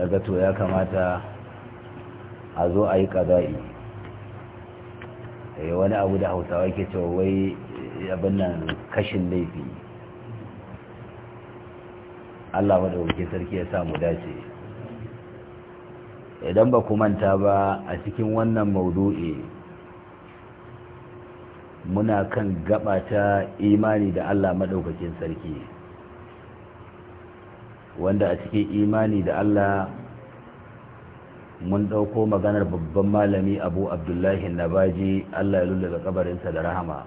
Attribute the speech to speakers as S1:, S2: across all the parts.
S1: daga to ya kamata a zo a yi ƙaza'i yi eh, wani abu da hausawa ke cewa wai eh, abin nan kashin laifi Allah maɗauki sarki ya samu dace idan ba ku manta ba a cikin wannan maudu'i muna kan gaba ta imani da Allah maɗaukakin sarki wanda a cikin imani da Allah mun dauko maganar babban malami abu abdullahi nabaji Allah ya lullaba kabarinsa da rahama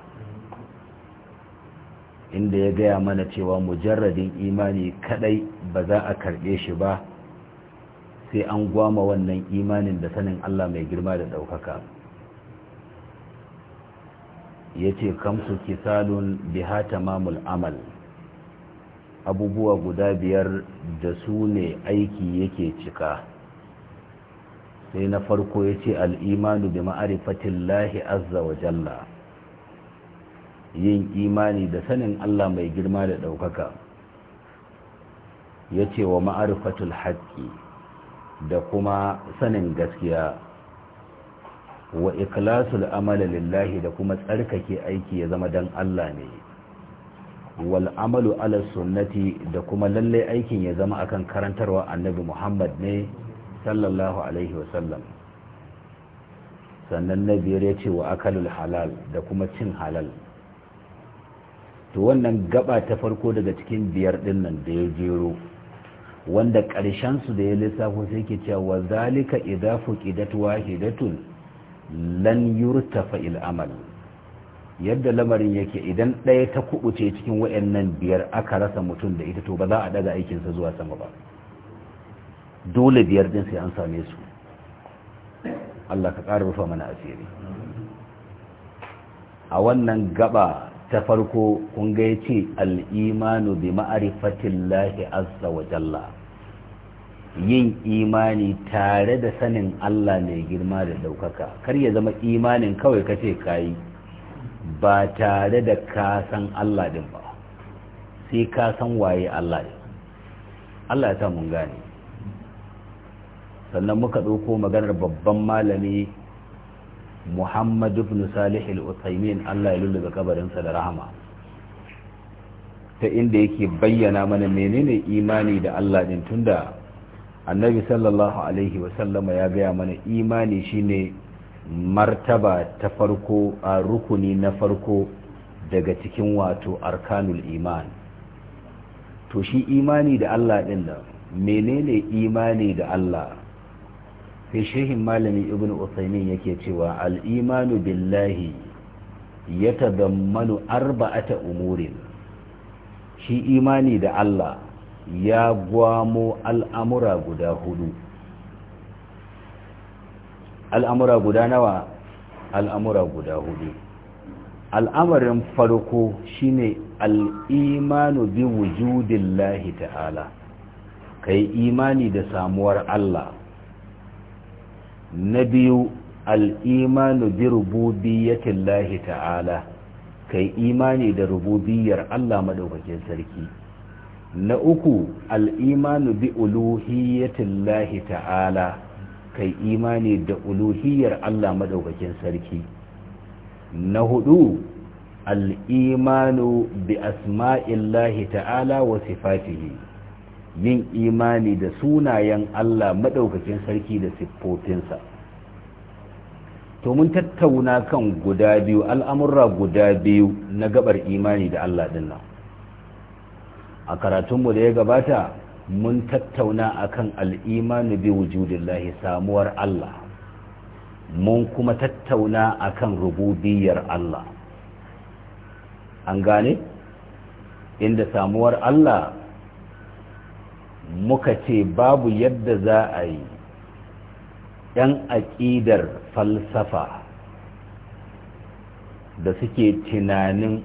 S1: inda ya gaya mana cewa mujarradin imani kadai ba za a karɓe shi ba sai an gwama wannan imanin da sanin Allah mai girma da ɗaukaka ya ce kamsu kisalun biha tamamul amal abubuwa guda biyar da su ne aiki yake cika sai na farko ya ce al'imanu da ma'arifatin lahi azza wa jalla yin imani da sanin Allah mai girma da ɗaukaka ya ce wa ma'arifatul haƙƙi da kuma sanin gaskiya wa Ikilasul amala lillahi da kuma tsarkake aiki ya zama don Allah ne Wal'amalu amalu ala sunnati da kuma lalle aikin ya zama akan karantarwa annabi muhammad ne sallallahu alaihi wasallam sannan na biyar ya ce wa akalul halal da kuma cin halal to wannan gaba ta farko daga cikin biyar dinnan da ya jero wanda su da ya lissafo sai ke cewa wa zalika idafu fuqidat wahidatun lan yurtafa il amal yadda lamarin yake idan ɗaya ta kubuce cikin wayannan biyar aka rasa mutum da ita to ba za a daga aikinsa zuwa sama ba dole biyar din sai an same su Allah ka ƙara rufa mana asiri a wannan gaba ta farko kun ga yace al-imanu bi ma'rifatillahi azza wa jalla yin imani tare da sanin Allah mai girma da ɗaukaka kar ya zama imanin kawai kace kai ba tare da kasan san Allah din ba sai ka waye Allah din Allah ya mun gane sannan muka ɗauko maganar babban malami Muhammad ibn Salih al-Utsaimin Allah ya lullube kabarinsa da rahama ta inda yake bayyana mana menene imani da Allah din tunda annabi sallallahu alaihi wa sallama ya gaya mana imani shine martaba ta farko a rukuni na farko daga cikin wato arkanul iman to shi imani da Allah din nan, menene imani da Allah sai shehin malami ibn usaymin yake cewa al-imanu billahi yatadammanu arba'ata umurin shi imani da Allah ya gwamo al'amura guda hudu al'amura guda nawa al'amura guda hudu al'amarin farko shine al'imanu bi wujudillahi ta'ala kai imani da samuwar Allah na biyu al'imanu bi rububiyatillahi ta'ala kai imani da rububiyar Allah maɗaukakin sarki na uku al'imanu bi uluhiyatillahi ta'ala kai imani da uluhiyar Allah madaukakin sarki na hudu al'imanu bi asma'illahi ta'ala wa sifatihi yin imani da sunayen Allah madaukakin sarki da siffofinsa to mun tattauna kan guda biyu al'amurra guda biyu na gabar imani da Allah ɗinnan a karatunmu da ya gabata mun tattauna akan al'imanu bi wujudillahi samuwar Allah mun kuma tattauna akan rububiyar Allah an gane inda samuwar Allah muka ce babu yadda za a yi ‘yan aƙidar falsafa da suke tunanin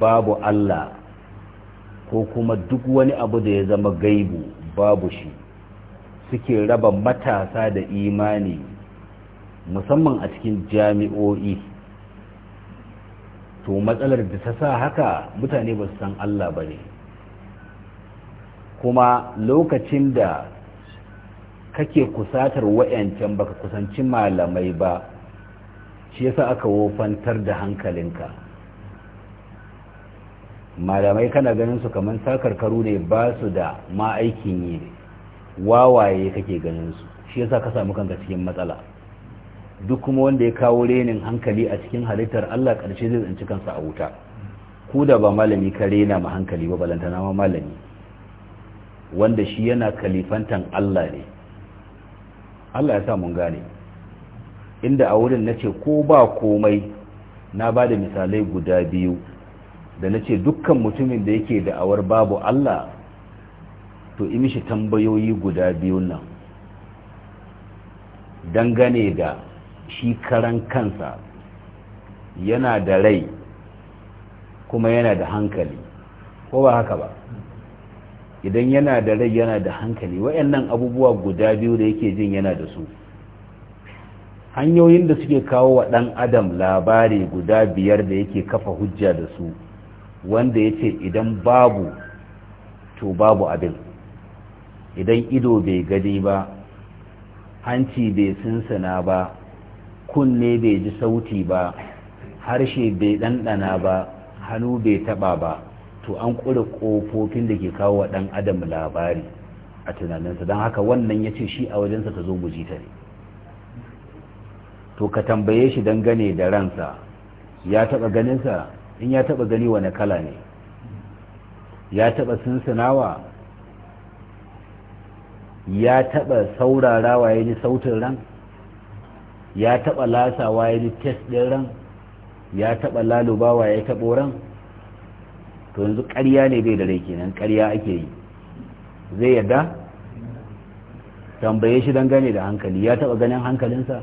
S1: babu Allah ko kuma duk wani abu da ya zama gaibu babu shi suke raba matasa da imani musamman a cikin jami'o'i to matsalar da ta sa haka mutane ba su san Allah ba ne kuma lokacin da kake kusatar wayancan baka kusanci malamai ba shi yasa aka wofantar da hankalinka malamai kana ganin su kamar sakarkaru ne ba su da ma aikin yi wawaye kake ganin su shi yasa ka samu kanka cikin matsala duk kuma wanda ya kawo renin hankali a cikin halittar Allah ƙarshe zai tsinci kansa a wuta ku da ba malami ka rena ma hankali ba balantana ma malami wanda shi yana kalifantan Allah ne Allah ya sa mun gane inda a wurin nace ko ba komai na ba da misalai guda biyu da na ce dukkan mutumin da yake da'awar babu Allah to mishi tambayoyi guda biyun nan dangane da shi karan kansa yana da rai kuma yana da hankali ko ba haka ba idan yana da rai yana da hankali wayannan abubuwa guda biyu da yake jin yana da su hanyoyin da suke kawo wa ɗan adam labari guda biyar da yake kafa hujja da su wanda ya ce idan babu to babu abin idan ido bai gadi ba hanci bai sinsina ba kunne bai ji sauti ba harshe bai ɗanɗana ba hannu bai taɓa ba to an ƙura ƙofofin da ke kawo wa ɗan adam labari a tunaninsa don haka wannan ya ce shi a wajensa ta zo guji ta ne to ka tambaye shi don gane da ransa ya taɓa ganinsa in ya taba gani wani kala ne ya taba sinsinawa ya taba saurarawa ya ji sautin ran ya taba lasawa ya ji test ɗin ran ya taba lalubawa ya taɓo ran to yanzu ƙarya ne bai da rai kenan ƙarya ake yi zai yarda tambaye shi dangane da hankali ya taba ganin hankalinsa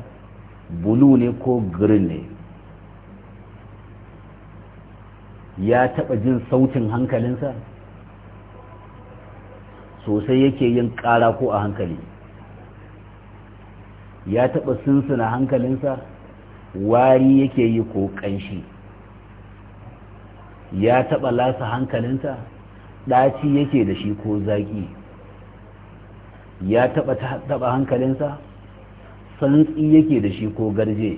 S1: bulu ne ko green ne ya taɓa jin sautin hankalinsa sosai yake yin ƙara ko a hankali ya taɓa sunsuna hankalinsa wari yake yi ko ƙanshi ya taɓa lasa hankalinsa ɗaci yake da shi ko zaƙi ya taɓa taɓa hankalinsa santsi yake da shi ko garje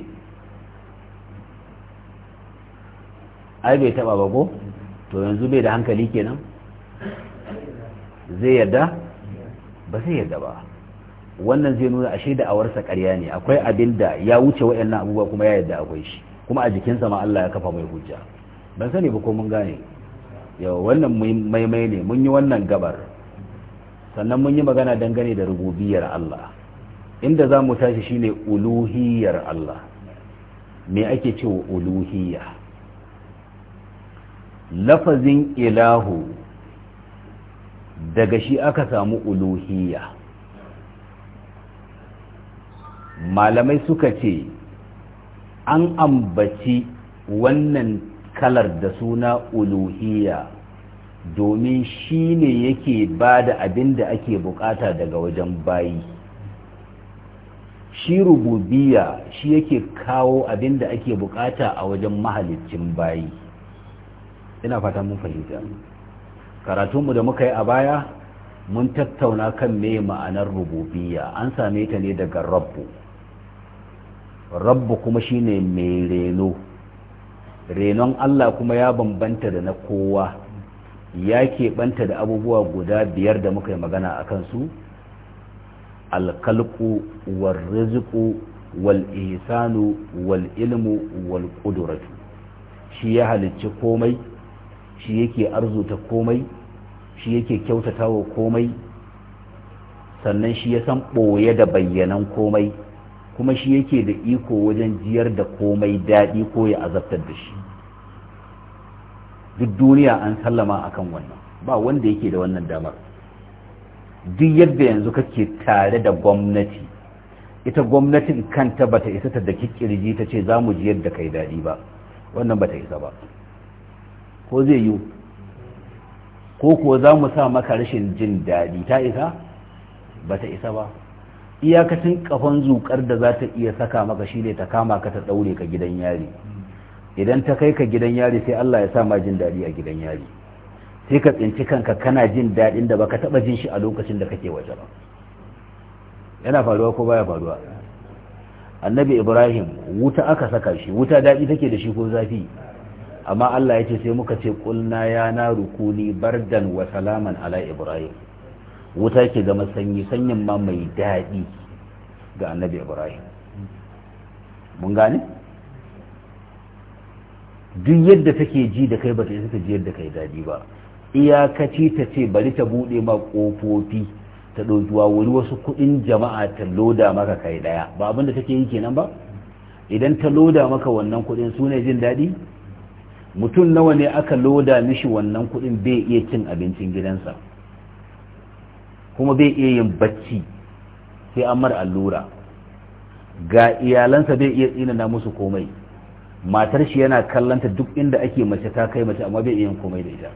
S1: ai bai taba ba ko to yanzu bai da hankali kenan zai yarda ba zai yarda ba wannan zai nuna ashe da awarsa ƙarya ne akwai abin da ya wuce wayannan abubuwa kuma ya yarda akwai shi kuma a jikinsa ma Allah ya kafa mai hujja ban sani ba ko mun gane yau wannan maimai ne mun yi wannan gabar sannan mun yi magana dangane da rububiyar Allah inda za mu tashi shine uluhiyar Allah me ake cewa uluhiyya lafazin ilahu daga shi aka samu uluhiyya malamai suka ce an ambaci wannan kalar da suna uluhiyya domin shi ne yake ba da abin da ake bukata daga wajen bayi shi rububiya shi yake kawo abin da ake bukata a wajen mahalicin bayi ina fata mun fahimta karatunmu da muka yi a baya mun tattauna kan me ma'anar rububiyya an same ta ne daga rabbu rabbu kuma shine mai reno renon Allah kuma ya bambanta da na kowa ya keɓanta da abubuwa guda biyar da muka yi magana a kansu alkalku wal riziku wal ihsanu wal ƙuduratu shi ya halicci komai shi yake arzuta komai shi yake kyautata wa komai sannan shi ya san ɓoye da bayyanan komai kuma shi yake da iko wajen jiyar da komai daɗi ko ya azabtar da shi duk duniya an sallama akan wannan ba wanda yake da wannan damar duk yadda yanzu kake tare da gwamnati ita gwamnatin kanta bata isa ta da kikirji ta ce za mu jiyar da kai daɗi ba wannan bata isa ba ko zai yiwu ko kuwa za mu sa maka rashin jin daɗi ta isa ba ta isa ba iyakacin kafan zukar da za ta iya saka maka shi ne ta kama ka ta ɗaure ka gidan yari idan ta kai ka gidan yari sai Allah ya sa ma jin daɗi a gidan yari sai ka tsinci kanka kana jin daɗin da baka taɓa jin shi a lokacin da kake waje ba yana faruwa ko baya faruwa annabi ibrahim wuta aka saka shi wuta daɗi take da shi ko zafi amma Allah ya ce sai muka ce kulna ya na rukuni bardan wa salaman ala ibrahim wuta ke zama sanyi sanyin ma mai daɗi ga annabi ibrahim mun gane duk yadda take ji da kai ba bata isa ji yadda kai daɗi ba iyakaci ta ce bari ta buɗe ma ƙofofi ta ɗauzuwa wani wasu kuɗin jama'a ta loda maka kai ɗaya ba abin da take yi kenan ba idan ta loda maka wannan kuɗin su ne jin daɗi mutum nawa ne aka loda mishi wannan kuɗin bai iya cin abincin gidansa kuma bai iya yin bacci sai an mara allura ga iyalansa bai iya tsinana musu komai matar shi yana kallanta duk inda ake mace ta kai mace amma bai iya yin komai da ita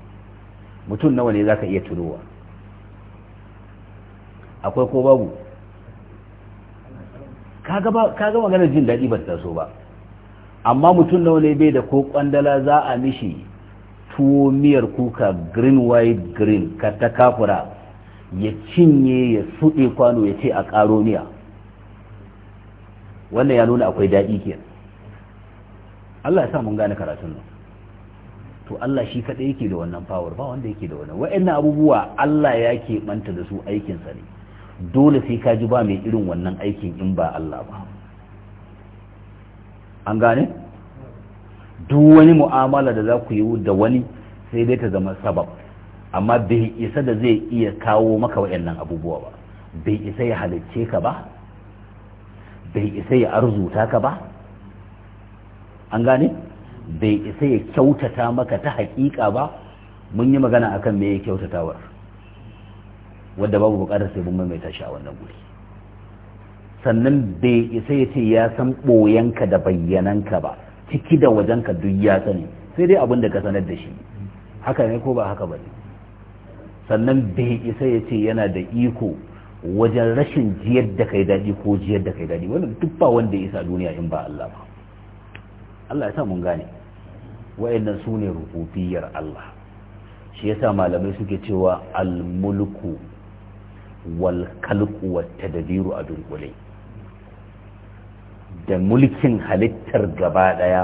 S1: mutum nawa ne za ka iya turowa akwai ko babu Ka gama maganar jin daɗi ba ta so ba amma mutum nawa ne bai da ko kwandala za a mishi tuwo miyar kuka green white green ka ta kafura ya cinye ya suɗe kwano ya ce a ƙaro miya wannan ya nuna akwai daɗi ke Allah ya sa mun gane karatun nan to Allah shi kaɗai yake da wannan power ba wanda yake da wannan wa'annan abubuwa Allah ya ke manta da su aikinsa ne dole sai ka ji ba mai irin wannan aikin in ba Allah ba an gane duk wani mu'amala da za ku yi da wani sai dai ta zama sabab amma bai isa da zai iya kawo maka waɗannan abubuwa ba bai isa ya halicce ka ba bai isa ya arzuta ka ba an gane bai isa ya kyautata maka ta haƙiƙa ba mun yi magana akan me ya kyautatawar wadda babu bukatar sai mun maimaita shi a wannan guri sannan bai isa ya ce ya san ɓoyanka da bayyananka ba ciki da wajenka duk ya sani sai dai abin da ka sanar da shi haka ne ko ba haka ba sannan bai isa ya ce yana da iko wajen rashin jiyar da kai daɗi ko jiyar da kai daɗi wannan duk ba wanda ya sa duniya in ba Allah ba Allah ya sa mun gane wa'annan su ne rububiyar Allah shi yasa malamai suke cewa al-mulku wal kalku wat tadbiru a dunkule da mulkin halittar gaba daya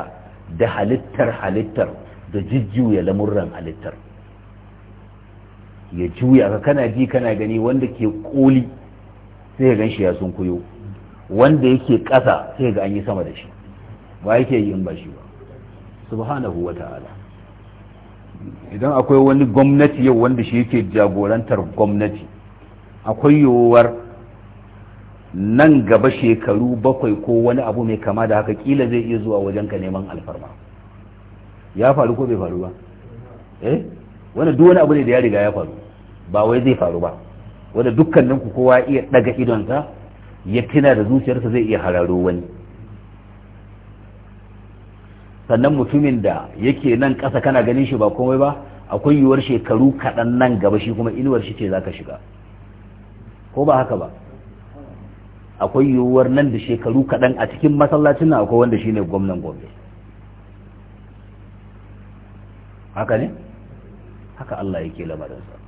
S1: da halittar halittar da jujjuya lamurran halittar ya juya ka kana ji kana gani wanda ke koli sai ya gan shi ya sun kuyo wanda yake ƙasa sai ga an yi sama da shi ba yake yi in ba shi ba subhanahu wa ta'ala idan akwai wani gwamnati yau wanda shi yake jagorantar gwamnati akwai yiwuwar nan gaba shekaru bakwai ko wani abu mai kama da haka kila zai iya zuwa wajen ka neman alfarma ya faru ko bai faru ba eh wanda duk wani abu ne da ya riga ya faru ba wai zai faru ba wanda dukkanin ku kowa iya daga idonsa ya tuna da zuciyarsa zai iya hararo wani sannan mutumin da yake nan ƙasa kana ganin shi ba komai ba akwai yiwuwar shekaru kaɗan nan gaba shi kuma inuwar shi ce za ka shiga ko ba haka ba akwai yiwuwar nan da shekaru kaɗan a cikin masallacin nan akwai wanda shine gwamnan gombe haka ne haka Allah yake lamarinsa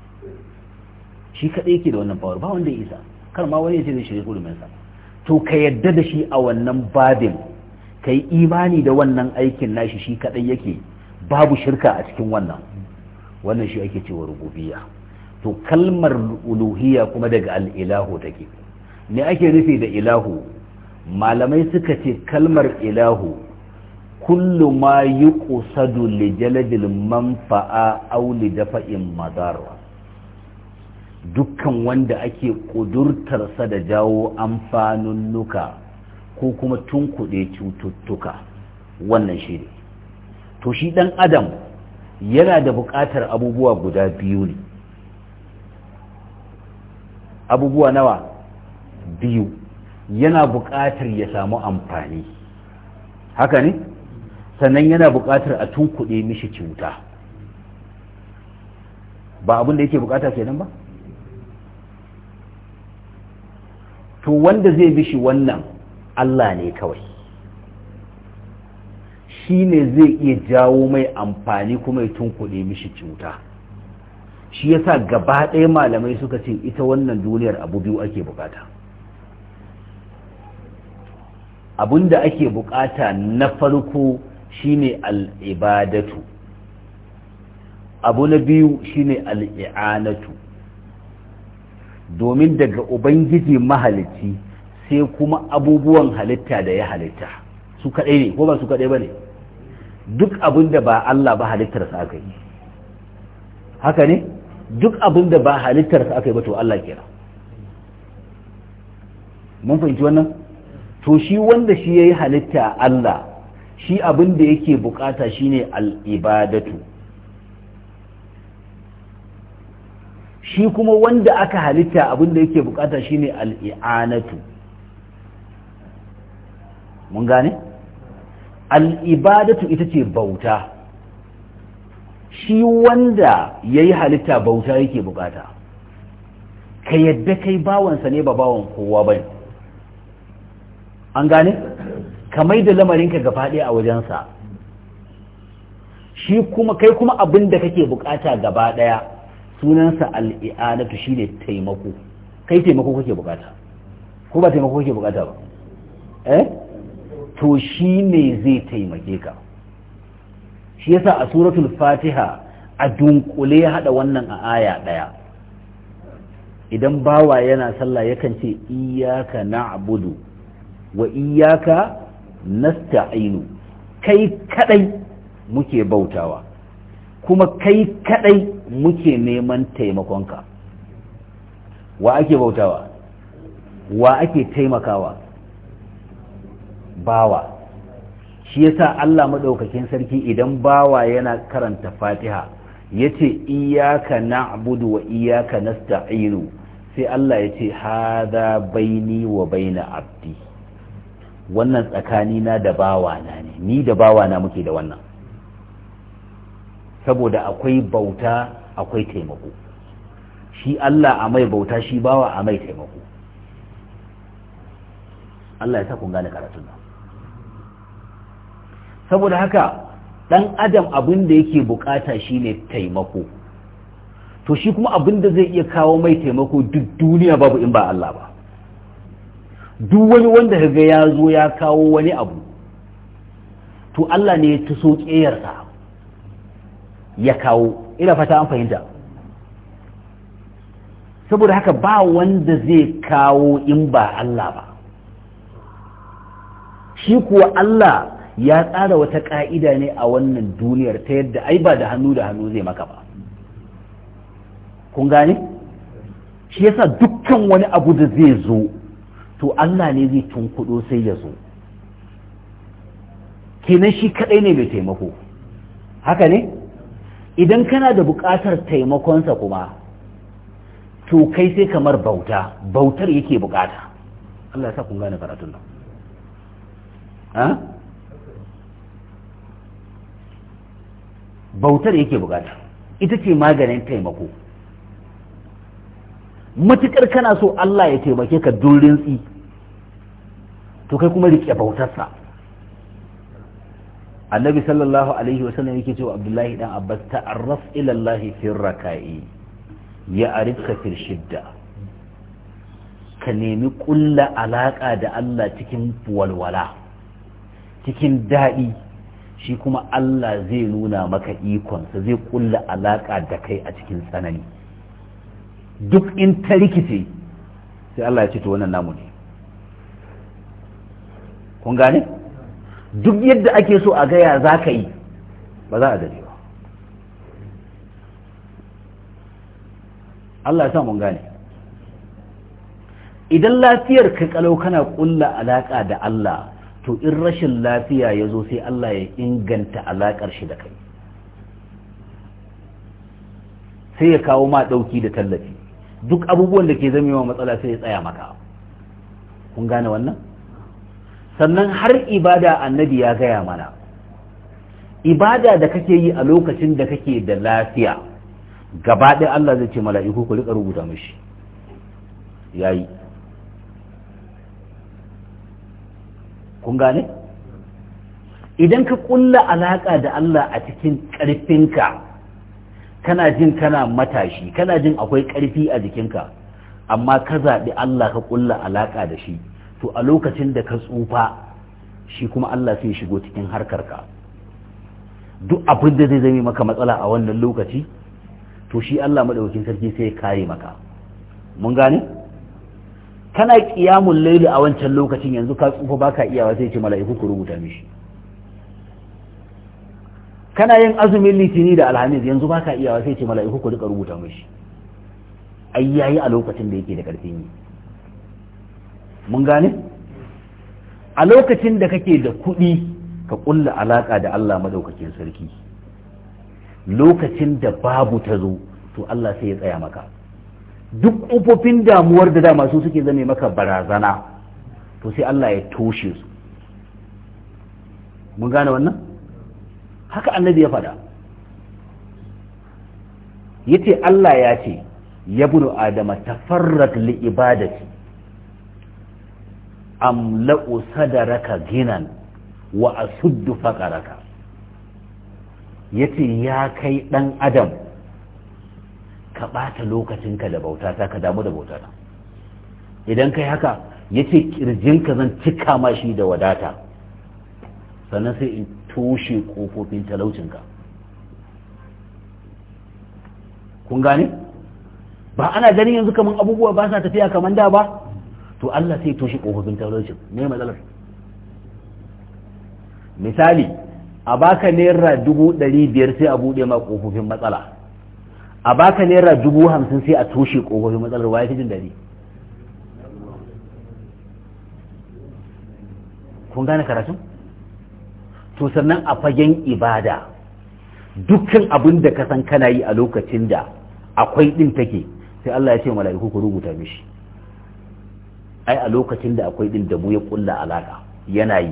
S1: shi kaɗai yake da wannan power ba wanda isa kar ma wani yace zai mai huruminsa to ka yadda da shi a wannan babin ka yi imani da wannan aikin nashi shi kaɗai yake babu shirka a cikin wannan wannan shi ake cewa rububiyya to kalmar uluhiyya kuma daga al'ilahu take ne ake nufi da ilahu malamai suka ce kalmar ilahu kullu ma yi ƙusadu lijalabil manfa'a auli dafa'in madara dukkan wanda ake ƙudurtarsa da jawo amfanunnuka ko kuma tunkuɗe cututtuka wannan shi ne to shi ɗan adam yana da buƙatar abubuwa guda biyu ne abubuwa nawa biyu yana buƙatar ya samu amfani haka ne sannan yana buƙatar a tunkuɗe mishi cuta ba abin da yake buƙata kenan ba to wanda zai bi shi wannan Allah ne kawai shi ne zai iya jawo mai amfani kuma ya tunkuɗe mishi cuta shi yasa gaba ɗaya malamai suka ce ita wannan duniyar abu biyu ake buƙata da ake bukata na farko shine al'ibadatu abu na biyu shine al'i'anatu domin daga ubangiji mahalicci sai kuma abubuwan halitta da ya halitta su kaɗai ne ko ba su kaɗai ba ne duk abin da ba Allah ba halittarsa aka yi haka ne duk abin da ba halittarsa aka yi ba to Allah kira mun fahimci wannan to shi wanda shi ya yi halitta Allah shi abin da yake bukata shine al'ibadatu shi kuma wanda aka halitta abin da yake bukata shine al'i'anatu mun gane? al'ibadatu ita ce bauta shi wanda ya yi halitta bauta yake bukata ka yadda kai bawansa ne ba bawan kowa bane an gane ka mai da ka ga ɗaya a wajensa shi kuma kai kuma abin da kake bukata gaba ɗaya sunansa al'i'anatu shi ne taimako kai taimako kake bukata ko ba taimako kake bukata ba eh to shi zai taimake ka shi yasa a suratul fatiha a dunkule ya haɗa wannan a aya ɗaya idan bawa yana sallah yakan ce iyaka na na'budu wa iyaka nasta'inu kai kadai muke bautawa kuma kai kadai muke neman taimakonka wa ake bautawa wa ake taimakawa bawa shi yasa Allah madaukakin sarki idan bawa yana karanta Fatiha yace iyaka na'budu wa iyaka nasta'inu sai Allah yace hadha baini wa baina abdi wannan tsakani na da bawana ne ni da bawana muke da wannan saboda akwai bauta akwai taimako shi Allah a mai bauta shi bawa a mai taimako Allah ya sa kun gane karatun nan saboda haka dan adam abin da yake bukata shine taimako to shi kuma abin da zai iya kawo mai taimako duk duniya babu in ba Allah ba duk wani wanda ga ya zo ya kawo wani abu to Allah ne ya taso ƙeyarsa ya kawo ina fata an fahimta saboda haka ba wanda zai kawo in ba Allah ba shi kuwa Allah ya tsara wata ƙa'ida ne a wannan duniyar ta yadda ai ba da hannu da hannu zai maka ba kun gane shi yasa dukkan wani abu da zai zo to Allah ne zai tunkuɗo sai ya zo kenan shi kaɗai ne mai taimako haka ne idan kana da buƙatar taimakonsa kuma to kai sai kamar bauta bautar yake buƙata Allah ya sa kun gane karatun nan bautar yake buƙata ita ce maganin taimako matuƙar kana so Allah ya taimake ka durin tsi to kai kuma riƙe bautarsa annabi sallallahu alaihi wasallam yake cewa abdullahi dan abbas ta'arraf ila Allah fi raka'i ya arifka fi shidda ka nemi kulla alaka da Allah cikin walwala cikin daɗi shi kuma Allah zai nuna maka ikonsa zai kulla alaka da kai a cikin tsanani duk in ta rikice sai Allah ya ce to wannan namu ne kun gane duk yadda ake so a gaya za ka yi ba za a gani ba Allah ya sa mun gane idan lafiyar ka kalau kana kulla alaka da Allah to in rashin lafiya ya zo sai Allah ya inganta alakar shi da kai sai ya kawo ma dauki da tallafi duk abubuwan da ke zamewa matsala sai ya tsaya maka kun gane wannan sannan har ibada annabi ya gaya mana ibada da kake yi a lokacin da kake da lafiya gaba ɗaya Allah zai ce mala'iku ku rika rubuta mishi yi. kun gane idan ka kulla alaƙa da Allah a cikin ƙarfinka kana jin kana matashi kana jin akwai ƙarfi a jikinka amma ka zaɓi Allah ka ƙulla alaƙa da shi to a lokacin da ka tsufa shi kuma Allah sai shigo cikin harkarka duk abin da zai zame maka matsala a wannan lokaci to shi Allah madaukakin sarki sai ya kare maka mun gane kana ƙiyamun laili a wancan lokacin yanzu ka tsufa baka iyawa sai ce mala'iku ku rubuta mishi kana yin azumin litini da alhamis yanzu ba ka iyawa sai ce mala'iku ku duka rubuta mishi ai yayi a lokacin da yake da ƙarfin yi mun gane a lokacin da kake da kuɗi ka ƙulla alaƙa da Allah madaukakin sarki lokacin da babu ta zo to Allah sai ya tsaya maka duk ƙofofin damuwar da dama su suke zame maka barazana to sai Allah ya toshe su mun gane wannan haka annabi ya faɗa yace Allah ya ce ya bunu adama tafarrak li ibadati amla'u sadaraka ginan wa asuddu faqaraka yace ya kai dan adam ka ɓata lokacinka da bautata ka damu da bautata idan kai haka yace ƙirjinka zan cika mashi da wadata sannan sai in toshe kofofin talaucinka kun gane ba ana ganin yanzu kaman abubuwa ba sa tafiya kamar da ba to Allah sai toshe kofofin talaucin me matsalar misali a baka naira dubu ɗari biyar sai a buɗe ma kofofin matsala a baka naira dubu hamsin sai a toshe kofofin matsalar waye fi jin daɗi kun gane karatun to sannan a fagen ibada dukkan abin da ka san kana yi a lokacin da akwai din take sai Allah ya ce mala'iku ku rubuta mishi ai a lokacin da akwai din da mu ya kulla alaka yana yi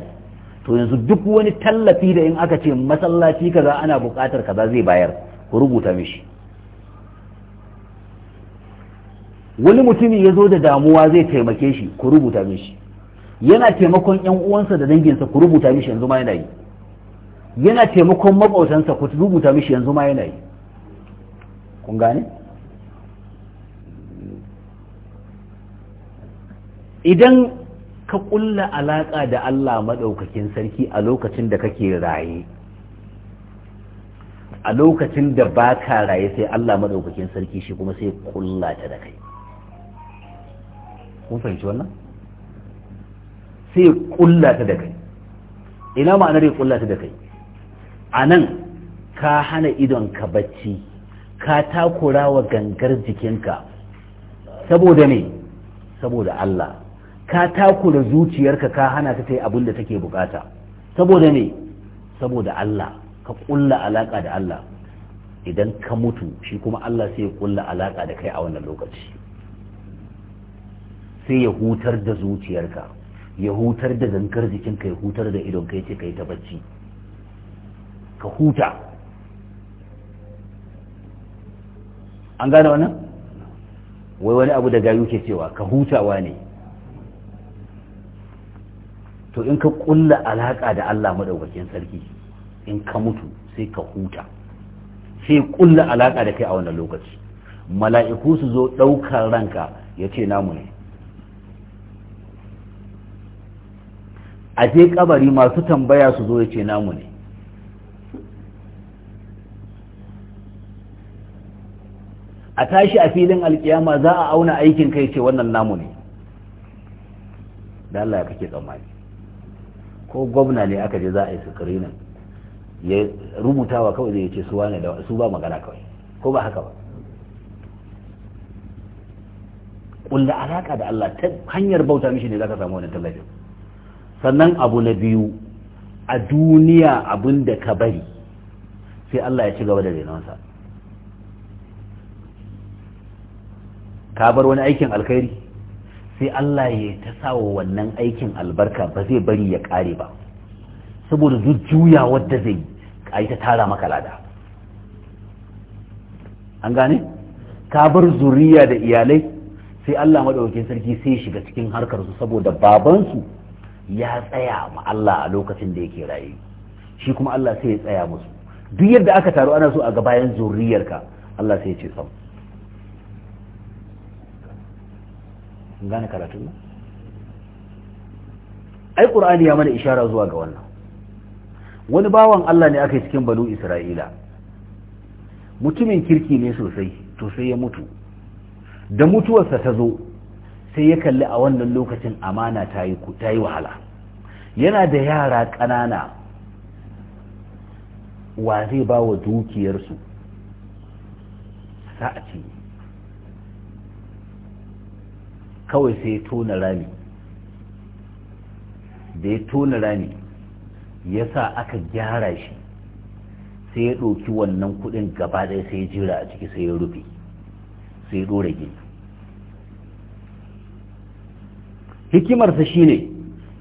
S1: to yanzu duk wani tallafi da in aka ce masallaci kaza ana buƙatar kaza zai bayar ku rubuta mishi wani mutumi ya zo da damuwa zai taimake shi ku rubuta mishi yana taimakon yan uwansa da danginsa ku rubuta mishi yanzu ma yana yi yana taimakon maƙautansa ku rubuta mishi yanzu ma yana yi kun gane idan ka ƙulla alaƙa da Allah maɗaukakin sarki a lokacin da kake raye a lokacin da ba ka raye sai Allah maɗaukakin sarki shi kuma sai ƙulla ta da kai kun fahimci wannan sai ƙulla ta da kai ina ma'anar ya ƙulla ta da kai a nan ka hana idon ka bacci ka takura wa gangar jikinka saboda ne saboda Allah ka takura zuciyarka ka hana ta yi abin da take bukata saboda ne saboda Allah ka kulla alaka da Allah idan ka mutu shi kuma Allah sai ya kulla alaka da kai a wannan lokaci sai ya hutar da zuciyarka ya hutar da gangar jikinka ya hutar da idon kai ce kai ta bacci ka huta an gane wannan wai wani abu da gayu ke cewa ka hutawa ne to in ka kulla alaka da Allah madaukakin sarki in ka mutu sai ka huta sai kulla alaka da kai a wannan lokaci mala'iku su zo ɗaukar ranka ya ce namu ne a je kabari masu tambaya su zo ya ce namu ne a tashi a filin alkiyama za a auna aikin kai ce wannan namu ne da Allah ya kake tsammani ko gwamna ne aka je za a yi nan ya rubutawa kawai zai ce su wane da su ba magana kawai ko ba haka ba kulla alaka da Allah ta hanyar bauta mishi ne zaka samu wani tallafin sannan abu na biyu a duniya abin da ka bari sai Allah ya ci gaba da renonsa ka bar wani aikin alkhairi sai Allah ya ta sawa wannan aikin albarka ba zai bari ya kare ba saboda duk juya wadda zai yi a yi ta tara maka lada an gane ka bar zuriya da iyalai sai Allah madaukakin sarki sai shiga cikin harkar su saboda babansu ya tsaya ma Allah a lokacin da yake raye shi kuma Allah sai ya tsaya musu duk yadda aka taru ana so a ga bayan zuriyarka Allah sai ya ce sau gane karatun nan ai qur'ani ya mana ishara zuwa ga wannan wani bawan Allah ne aka yi cikin banu isra'ila mutumin kirki ne sosai to sai ya mutu da mutuwarsa ta zo sai ya kalli a wannan lokacin amana ta yi wahala yana da yara ƙanana wa zai ba wa dukiyarsu ce kawai sai ya tona rami da ya tona rami ya sa aka gyara shi sai ya ɗauki wannan kuɗin gaba ɗaya sai ya jira a ciki sai ya rufe sai ya ɗora gini hikimarsa shine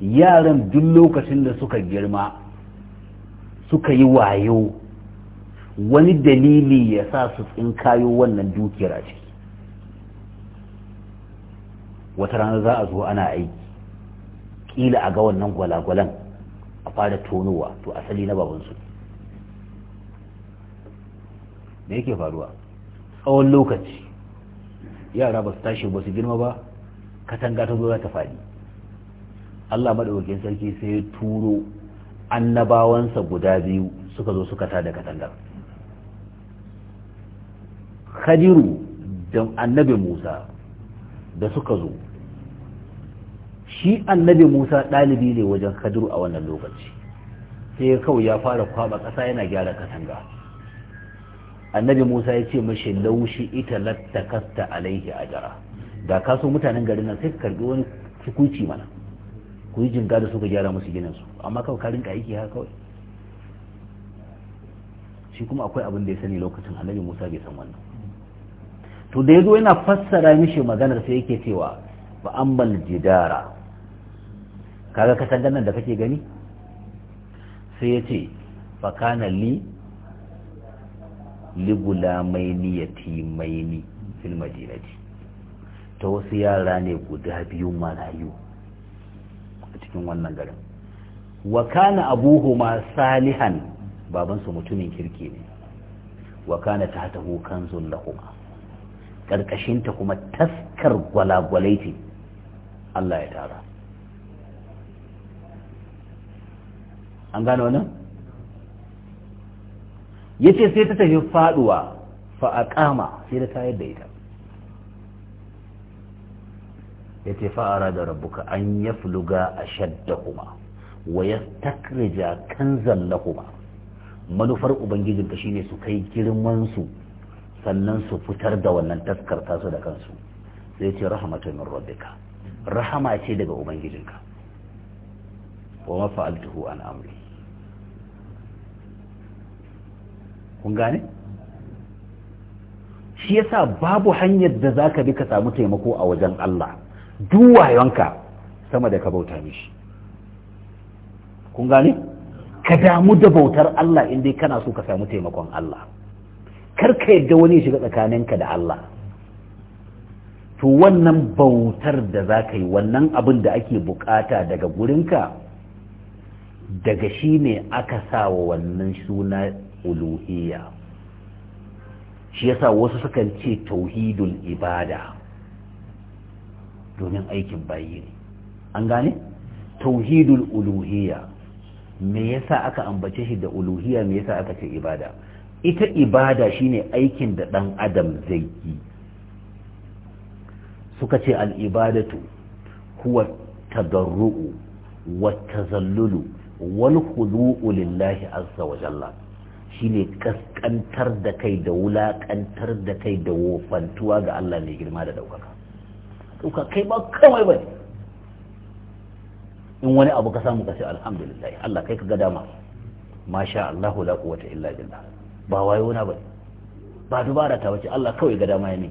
S1: yaran duk lokacin da suka girma suka yi wayo wani dalili ya sa su tsinkayo wannan dukiyar a ciki wata rana za a zo ana aiki Ƙila a ga wannan gwalagwalan a fara tonowa to asali na babansu me yake faruwa tsawon lokaci yara ba su tashi ba su girma ba katanga ta zo za ta fadi Allah maɗaukakin sarki sai ya turo annabawansa guda biyu suka zo suka tada katangar khadiru da annabi musa da suka zo shi annabi musa ɗalibi ne wajen kadiru a wannan lokaci sai kawai ya fara kwaba ƙasa yana gyara katanga annabi musa ya ce mashi laushi ita lattakasta alaihi ajara da kaso mutanen garin nan sai karbi wani hukunci mana ku yi jinga da suka gyara musu ginin su amma kawai ka rinka aiki haka kawai shi kuma akwai abin da ya sani lokacin annabi musa bai san wannan to da ya yana fassara mishi maganar sai yake cewa ba ambal jidara kaga katangar nan da kake gani sai ya ce fakana li ligula mai niyati mai ni fil madinati ta wasu yara ne guda biyu marayu a cikin wannan garin wa abuhuma salihan babansu mutumin kirki ne wa kana tahtahu kanzun lahuma karkashinta kuma taskar gwalagwalai ce Allah ya tara an gane wannan yace sai ta tafi faduwa fa aqama sai da tayar da ita yace fa arada rabbuka an yafluga kuma wa yastakrija kanzan lahuma manufar ubangijin ka shine su kai girman su sannan su fitar da wannan taskar tasu da kansu sai ce rahmatun min rabbika rahama ce daga ubangijinka wa ma fa'altuhu an amri kun gane shi yasa babu hanyar da zaka bi ka samu taimako a wajen Allah duwa yanka sama da ka bauta mishi kun gane ka damu da bautar Allah in dai kana so ka samu taimakon Allah kar ka yadda wani shiga tsakaninka da Allah to wannan bautar da za ka yi wannan abin da ake bukata daga gurinka daga shi ne aka sa wa wannan suna uluhiyya shi yasa wasu sukan ce tauhidul ibada domin aikin bayi ne an gane tauhidul uluhiyya me yasa aka ambace shi da uluhiyya me yasa aka ce ibada ita ibada shine aikin da ɗan adam zai yi suka ce al ibadatu huwa tadarru'u wa tazallulu wal khudu'u lillahi azza wa jalla shine kaskantar da kai da wulakantar da kai da wofantuwa ga Allah mai girma da daukaka dauka kai ba kawai bane in wani abu ka samu ka ce alhamdulillah Allah kai ka ga dama masha Allah la quwwata illa billah ba wayo na bane ba dubara ta bace Allah kawai ga dama yana ne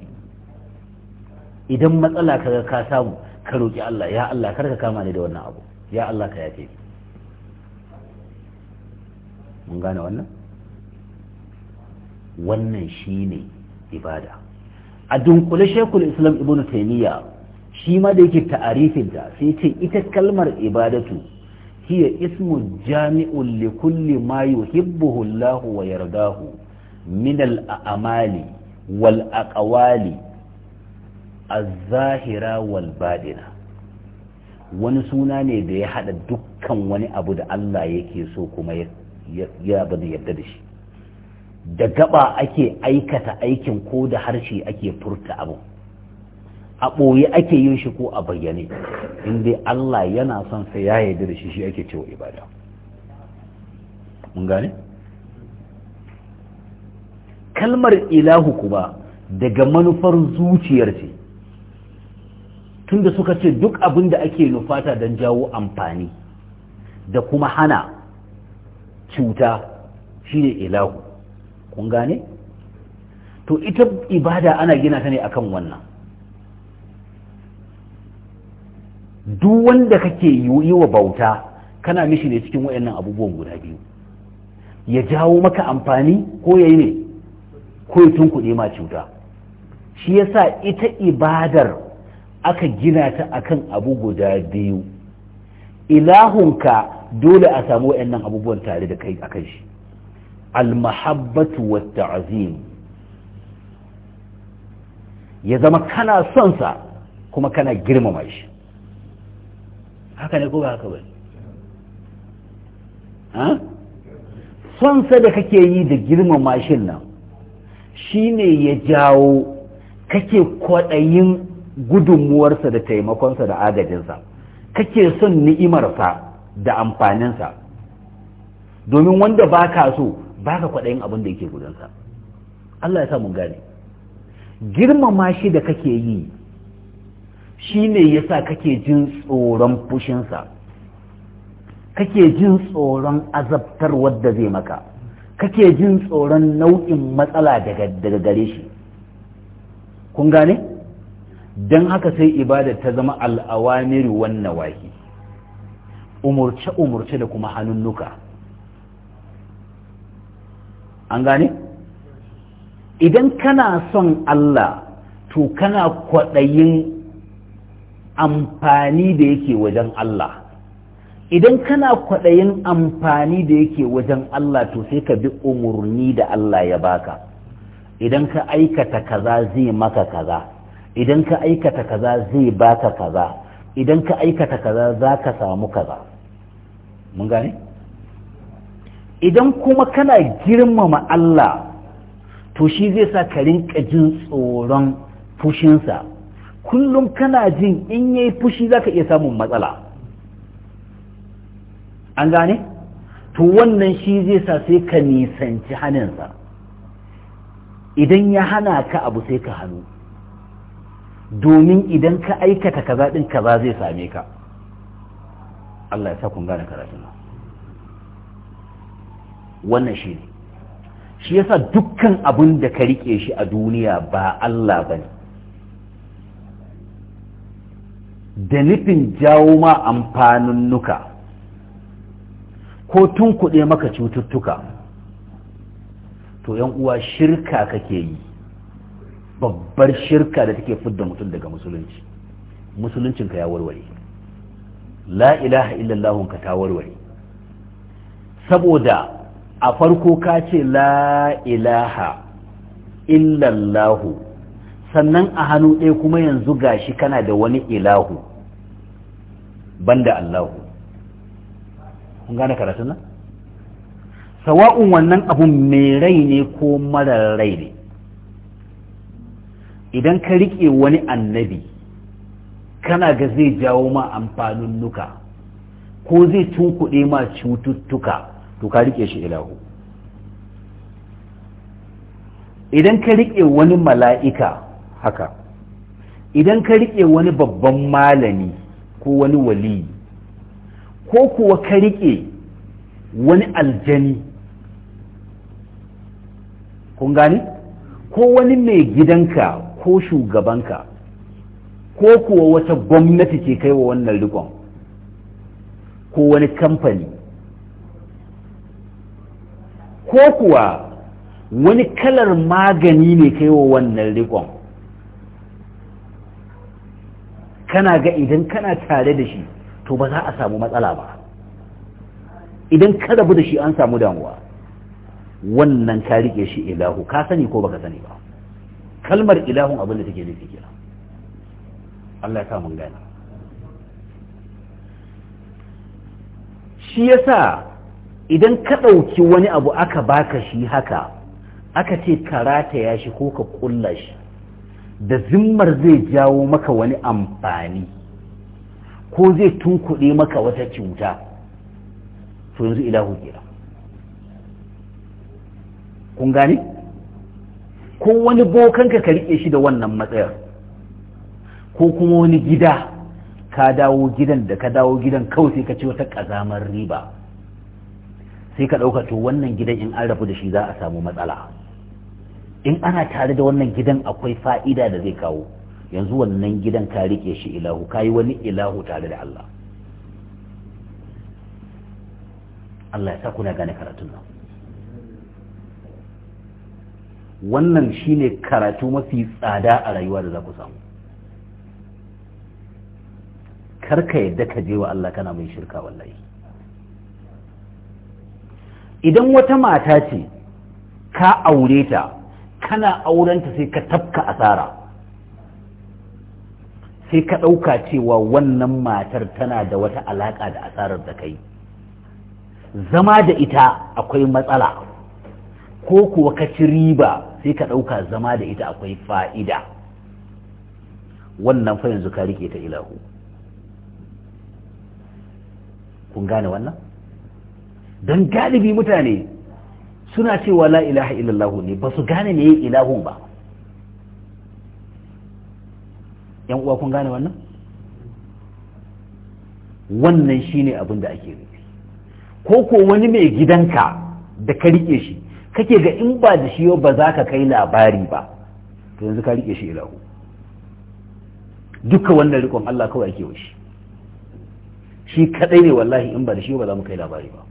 S1: idan matsala kaga ka samu ka roki Allah ya Allah karka kama ni da wannan abu ya Allah ka yafe ni mun gane wannan wannan shine ibada a dunkule shekul islam ibn taymiya shi ma da yake ta'arifinta ta sai ce ita kalmar ibadatu hiya ismu jami'un li kulli ma yuhibbuhu Allah wa yardahu min al-a'mali wal aqwali az-zahira wal badina wani suna ne da ya hada dukkan wani abu da Allah yake so kuma ya ya ba da yadda da shi da gaba ake aikata aikin ko da harshe ake furta abu a ɓoye ake yin shi ko a bayyane inda Allah yana son sai ya yarda da shi shi ake cewa ibada mun gane kalmar ilahu kuma daga manufar zuciyar ce tunda suka ce duk abin da ake nufata don jawo amfani da kuma hana cuta shine ilahu kun gane to ita ibada ana gina ta ne akan wannan duk wanda kake yi wa bauta kana mishi ne cikin wayannan abubuwan guda biyu ya jawo maka amfani ko yayi ne ko ya tunkuɗe ma cuta shi yasa ita ibadar aka gina ta akan abu guda biyu ilahunka dole a samu wayannan abubuwan tare da kai kan shi almahabbatu wa ta'azim ya zama kana son sa kuma kana girmama shi haka ne ko ba haka ba ha son sa da kake yi da girmama shi nan shine ya jawo kake kwaɗayin gudunmuwarsa da taimakonsa da agajinsa kake son ni'imarsa da amfaninsa domin wanda ba ka so ba ka kwaɗayin abin da yake gudansa Allah ya sa mun gane girmama shi da kake yi shi ne ya sa kake jin tsoron fushinsa kake jin tsoron azabtar wadda zai maka kake jin tsoron nau'in matsala daga gare shi kun gane don haka sai ibada ta zama al'awamiri wannan wahi umurce-umurce da kuma hannunnuka an gane idan kana son Allah to kana kwaɗayin amfani da yake wajen Allah idan kana kwaɗayin amfani da yake wajen Allah to sai ka bi umarni da Allah ya baka idan ka aikata kaza zai maka kaza idan ka aikata kaza zai baka kaza idan ka aikata kaza za ka samu kaza mun gane idan kuma kana girmama Allah to shi zai sa ka rinka jin tsoron fushinsa kullum kana jin in yayi fushi zaka iya samun matsala an gane to wannan shi zai sa sai ka nisanci sa idan ya hana ka abu sai ka hannu domin idan ka aikata kaza din kaza zai same ka Allah ya sa kun gane karatun wannan shi ne shi yasa dukkan abin da ka rike shi a duniya ba Allah ba ne da nufin jawo ma amfanin nuka ko tun kuɗe maka cututtuka to yan uwa shirka kake yi babbar shirka da take fidda mutum daga musulunci musuluncinka ya warware la ilaha illallah ka ta warware saboda a farko ka ce la ilaha illallah sannan a hannu ɗaya kuma yanzu gashi kana da wani ilahu banda allahu kun gane karatun nan sawa'un wannan abun mai rai ne ko marar rai ne idan ka riƙe wani annabi kana ga zai jawo ma amfanin nuka ko zai tunkuɗe ma cututtuka to ka rike shi ilahu idan ka rike wani mala'ika haka idan ka rike wani babban malami ko wani wali ko kuwa ka rike wani aljani kun gani ko wani mai gidanka ko shugabanka ko kuwa wata gwamnati ke kai wa wannan rikon ko wani kamfani ko kuwa wani kalar magani ne kai wa wannan rikon kana ga idan kana tare da shi to ba za a samu matsala ba idan ka rabu da shi an samu damuwa wannan ka rike shi ilahu ka sani ko baka sani ba kalmar ilahun abin da take nufi kenan Allah ya sa mun gane shi yasa idan ka ɗauki wani abu aka baka shi haka aka ce karata ya shi ko ka ƙulla shi da zimmar zai jawo maka wani amfani ko zai tunkuɗe maka wata cuta to yanzu ilahu kira kun gane ko wani bokanka ka riƙe shi da wannan matsayar ko kuma wani gida ka dawo gidan da ka dawo gidan kawai sai ka ce wata kazamar riba sai ka ɗauka to wannan gidan in an rabu da shi za a samu matsala in ana tare da wannan gidan akwai fa'ida da zai kawo yanzu wannan gidan ka rike shi ilahu ka yi wani ilahu tare da Allah Allah ya sa kuna gane karatun nan wannan shine karatu mafi tsada a rayuwa da za ku samu karka yadda ka je wa Allah kana mai shirka wallahi idan wata mata ce ka aure ta kana aurenta sai ka tafka asara sai ka ɗauka cewa wannan matar tana da wata alaƙa da asarar da kai zama da ita akwai matsala ko kuwa ka ci riba sai ka ɗauka zama da ita akwai fa'ida wannan fa yanzu ka rike ta ilahu kun gane wannan don galibi mutane suna cewa la ilaha illallah ne ba su gane ne ilahun ba yan uwa kun gane wannan wannan shine abin da ake nufi ko ko wani mai gidanka da ka rike shi kake ga in ba da shi ba za ka kai labari ba to yanzu ka rike shi ilahu duka wannan rikon Allah kawai ake wa shi shi kadai ne wallahi in ba da shi ba za mu kai labari ba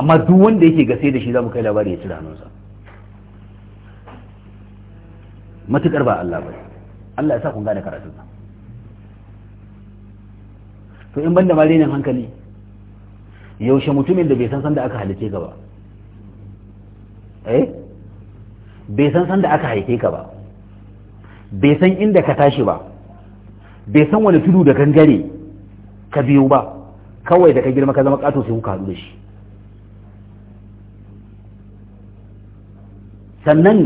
S1: amma duk wanda yake gase da shi za mu kai labari ya ci hannunsa matukar ba Allah ba Allah ya sa kun gane karatun to in banda mare ne hankali yaushe mutumin da bai san sanda aka halice ka ba eh bai san da aka haife ka ba bai san inda ka tashi ba bai san wani tudu da gangare ka biyu ba kawai da ka girma ka zama kato sai kuka haɗu da shi sannan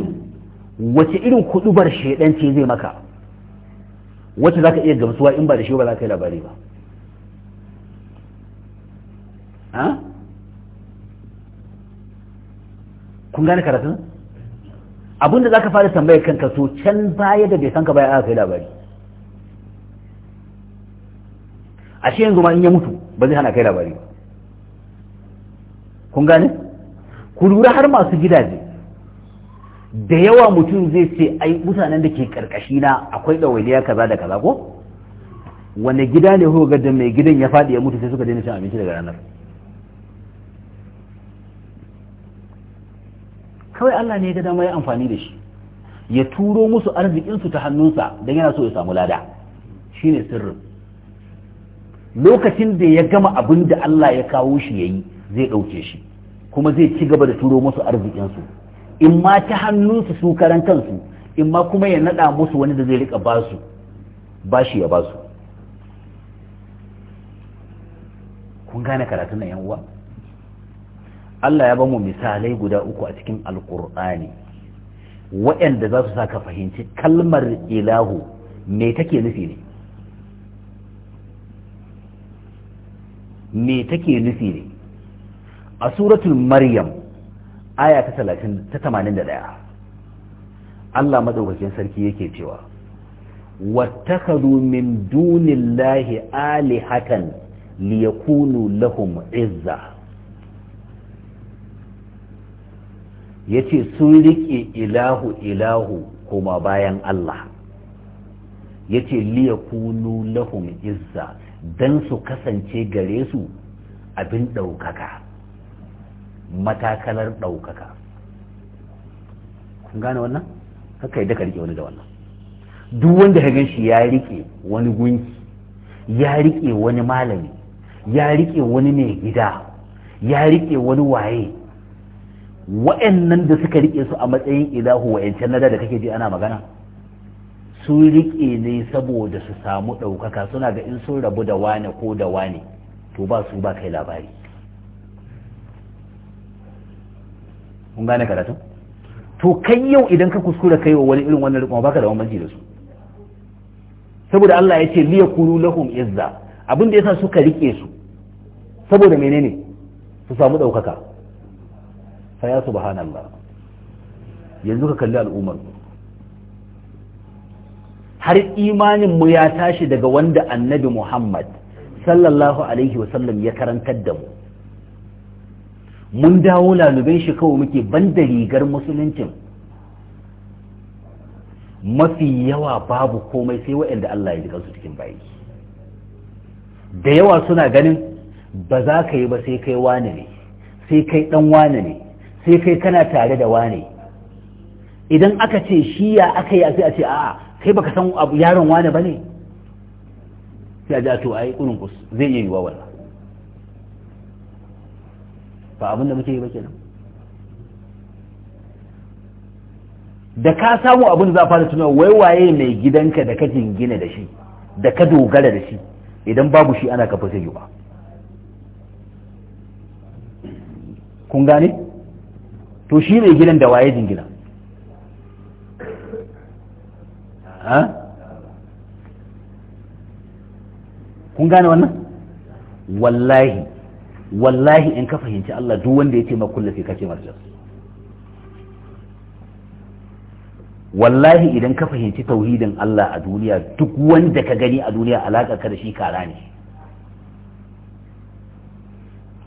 S1: wace irin kuɗubar shaidan ce zai maka wace za ka iya gamsuwa in ba da shi ba za ka yi labari ba kun gane karatun abinda za ka fara tambayar kanka to can baya da bai san ka baya aka kai labari a ashe yanzu ma in ya mutu ba zai hana kai labari ba kun gane ku lura har masu gidaje da yawa mutum zai ce ai mutanen da ke karkashi na akwai ɗawainiya kaza da kaza ko wanda gida ne ga da mai gidan ya fadi ya mutu sai suka daina cin abinci daga ranar kawai Allah ne ya ga dama ya amfani da shi ya turo musu arzikinsu ta hannunsa don yana so ya samu lada shine sirrin lokacin da ya gama abin da Allah ya kawo shi ya yi zai ɗauke shi kuma zai ci gaba da turo musu arzikinsu in ma ta hannunsu su karan kansu in ma kuma ya naɗa musu wani da zai rika basu shi ya basu kun gane karatun na yan uwa Allah ya bamu misalai guda uku a cikin alkur'ani waɗanda za su sa ka fahimci kalmar ilahu me take nufi ne me take nufi ne a suratul maryam aya ta 81 Allah madaukakin sarki yake cewa wattakhadhu min dunillahi alihatan liyakunu lahum izza yace sun rike ilahu ilahu kuma bayan Allah yace liyakunu lahum izza don su kasance gare su abin ɗaukaka matakalar ɗaukaka kun gane wannan haka yadda ka rike wani da wannan duk wanda ka shi ya rike wani gunki ya rike wani malami ya rike wani mai gida ya rike wani waye wa'annan da suka rike su a matsayin ilahu wa'ancan nada da kake ji ana magana su riƙe ne saboda su samu ɗaukaka suna ga in sun rabu da wane ko da wane to ba su ba kai labari kun gane karatu to kai yau idan ka kuskura kai wa wani irin wannan rikon baka da wani da su saboda Allah ya ce liya kulu lahum izza abin da yasa suka rike su saboda menene su samu ɗaukaka fa ya subhanallah yanzu ka kalli al'ummar har imanin mu ya tashi daga wanda annabi Muhammad sallallahu alaihi wasallam ya karantar da mu mun dawo lalubai shi kawai muke banda rigar musuluncin mafi yawa babu komai sai waɗanda Allah ya su cikin bayi da yawa suna ganin ba za ka yi ba sai kai wane ne sai kai ɗan wane ne sai kai kana tare da wane idan aka ce shi ya aka yi a sai a ce a'a kai baka san abu yaron wane bane sai a ji a to ai kunun kus zai iya yiwa wannan ba abin da muke yi ba kenan da ka samu abin da za a fara tunawa wai waye mai gidanka da ka jingina da shi da ka dogara da shi idan babu shi ana kafa sai ba kun gane to shi mai gidan da waye jingina kun gane wannan wallahi wallahi in ka fahimci Allah duk wanda ya ce ma sai ka ce wallahi idan ka fahimci tauhidin Allah a duniya duk wanda ka gani a duniya alaƙa ka da shi kara ne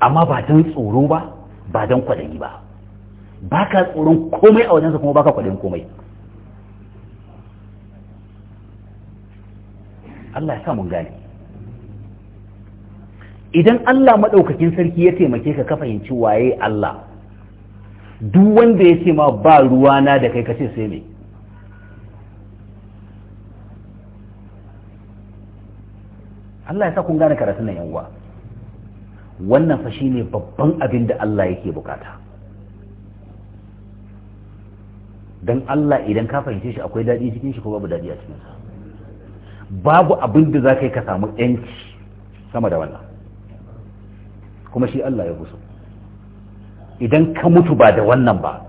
S1: amma ba don tsoro ba ba don kwaɗayi ba ba ka tsoron komai a wajensa kuma ba ka komai Allah ya sa mun gane idan Allah maɗaukakin sarki ya taimake ka ka fahimci waye Allah duk wanda ya ce ma ba ruwana da kai ka ce sai ne Allah ya sa kun gane karatun nan yanwa wannan fa ne babban abin da Allah yake bukata dan Allah idan ka fahimce shi akwai daɗi cikin shi ko babu daɗi a cikinsa babu abin da za ka yi ka samu yanci sama da wannan kuma shi Allah ya gusu idan ka mutu ba da wannan ba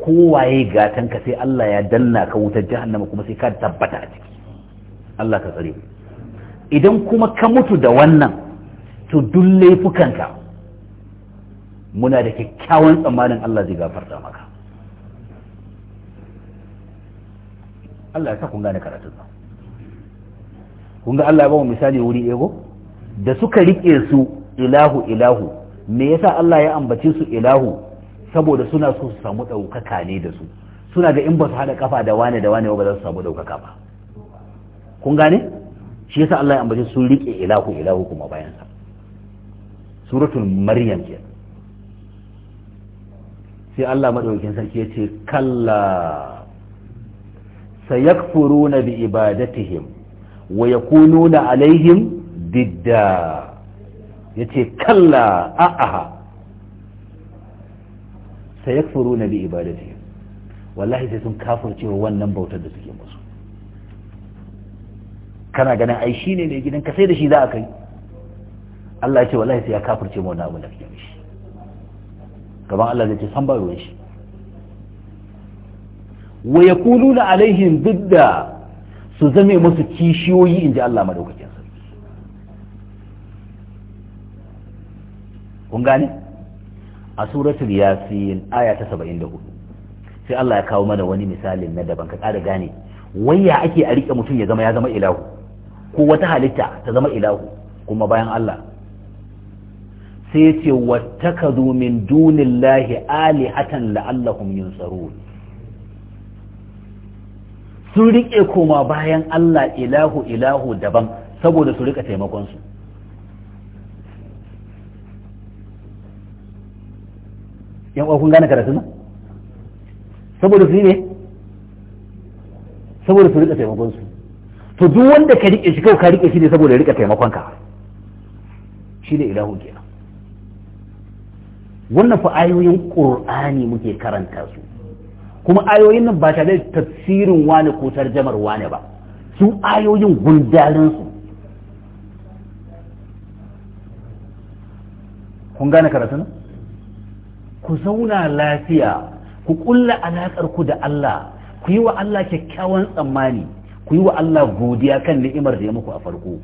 S1: kowaye gatan ka sai Allah ya danna ka wutar jahannama kuma sai ka tabbata a ciki Allah ka tsare idan kuma ka mutu da wannan to duk laifukanka muna da kyakkyawan tsammanin Allah zai gafarta maka Allah ya sa kun gane karatun nan kun ga Allah ya ba mu misali wuri ɗaya da suka rike su ilahu ilahu me yasa Allah ya ambace su ilahu saboda suna so su samu ɗaukaka ne da su suna ga in ba su haɗa kafa da wane da wane ba za su samu ɗaukaka ba kun gane shi yasa Allah ya ambace sun rike ilahu ilahu kuma bayan sa suratul maryam ke sai Allah madaukakin sarki yace kalla sayakfuruna bi ibadatihim wa ya yakununa alaihim didda ce, kalla a'a sayakfuruna bi ibadati wallahi sai sun kafirce wannan bautar da suke musu kana ganin ai shine ne gidan ka sai da shi za a kai Allah ya ce wallahi sai ya kafirce mu wannan abin da kake mishi gaban Allah zai ce san ba ruwan shi wa yaquluna alaihim didda su zame musu kishiyoyi in ji Allah madaukakin sarki kun gane a suratul yasin aya ta 74 sai Allah ya kawo mana wani misalin na daban ka kada gane wayya ake a rike mutum ya zama ya zama ilahu ko wata halitta ta zama ilahu kuma bayan Allah sai ya ce wattakazu min dunillahi alihatan la'allahum yunsarun sun riƙe koma bayan Allah ilahu ilahu daban saboda su riƙa taimakonsu yan kun gane karatu na saboda su ne saboda su riƙa taimakonsu to duk wanda ka riƙe shi kawai ka riƙe shi ne saboda riƙa riƙa taimakonka shi ne ilahu kenan wannan fa ayoyin ƙur'ani muke karanta su kuma ayoyin nan ba tare da tafsirin wani ko tarjamar wani ba su ayoyin gundarin su kun gane karatu nan ku zauna lafiya ku kulla alaƙar ku da Allah ku yi wa Allah kyakkyawan tsammani ku yi wa Allah godiya kan ni'imar da ya muku a farko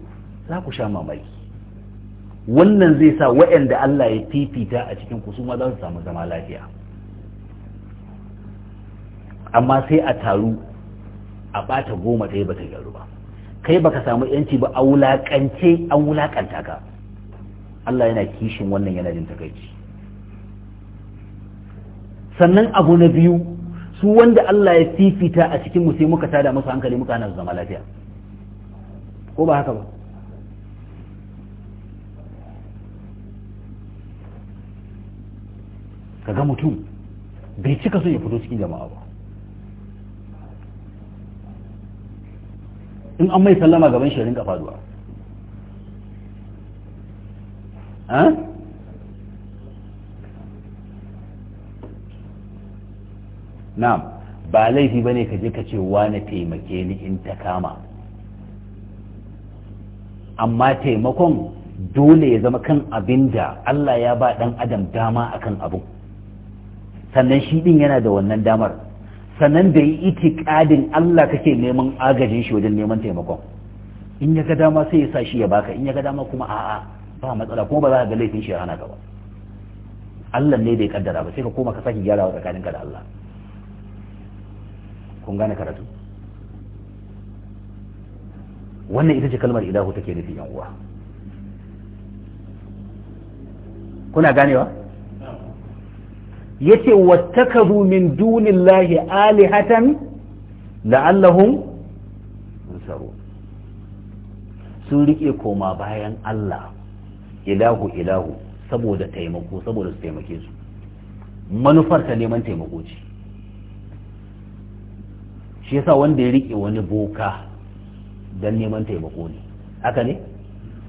S1: za ku sha mamaki wannan zai sa waɗanda Allah ya fifita a cikin ku su ma za su samu zama lafiya amma sai a taru a bata goma ta yi bata gyaru ba kai baka samu yanci ba a wulakance an wulakanta ka Allah yana kishin wannan yana jin takaici sannan abu na biyu su wanda Allah ya fifita a cikin mu sai muka tada musu hankali muka hana su zama lafiya ko ba haka ba kaga mutum bai cika so ya fito cikin jama'a ba in an mai sallama gaban shi rinka faduwa na'am ba laifi ba ne ka je ka ce na taimake ni in ta kama amma taimakon dole ya zama kan abin da Allah ya ba ɗan adam dama akan abu, sannan shi ɗin yana da wannan damar sannan da yi iti itikadin Allah kake neman agajin shi wajen neman taimakon in ya ga dama sai ya sa shi ya baka in ya ga dama kuma a'a ba matsala kuma ba za ka ga laifin shi ya hana ka ba Allah ne bai kaddara ba sai ka koma ka saki gyarawa tsakaninka da Allah kun gane karatu wannan ita ce kalmar idahu take nufi yan uwa kuna ganewa yace wattakazu min dunillahi alihatan la'allahum yansaru sun rike koma bayan Allah ilahu ilahu saboda taimako saboda su taimake su manufar ta neman taimako ce shi yasa wanda ya rike wani boka don neman taimako ne haka ne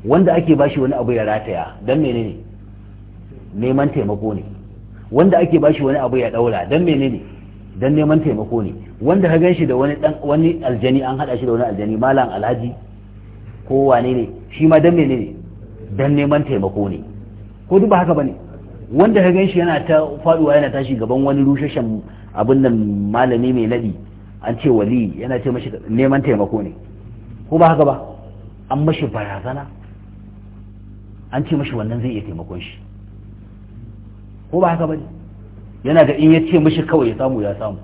S1: wanda ake bashi wani abu ya rataya dan menene neman taimako ne wanda ake ba shi wani abu ya daura dan menene dan neman taimako ne wanda ka ganshi da wani dan wani aljani an hada shi da wani aljani malam alhaji ko wane ne shi ma dan menene dan neman taimako ne ko duk ba haka bane wanda ka ganshi yana ta faduwa yana tashi gaban wani rushashen abin nan malami mai nadi an ce wali yana ce mashi neman taimako ne ko ba haka ba an mashi barazana an ce mashi wannan zai iya taimakon shi ko ba haka bane yana da in yace ce mishi kawai ya samu ya samu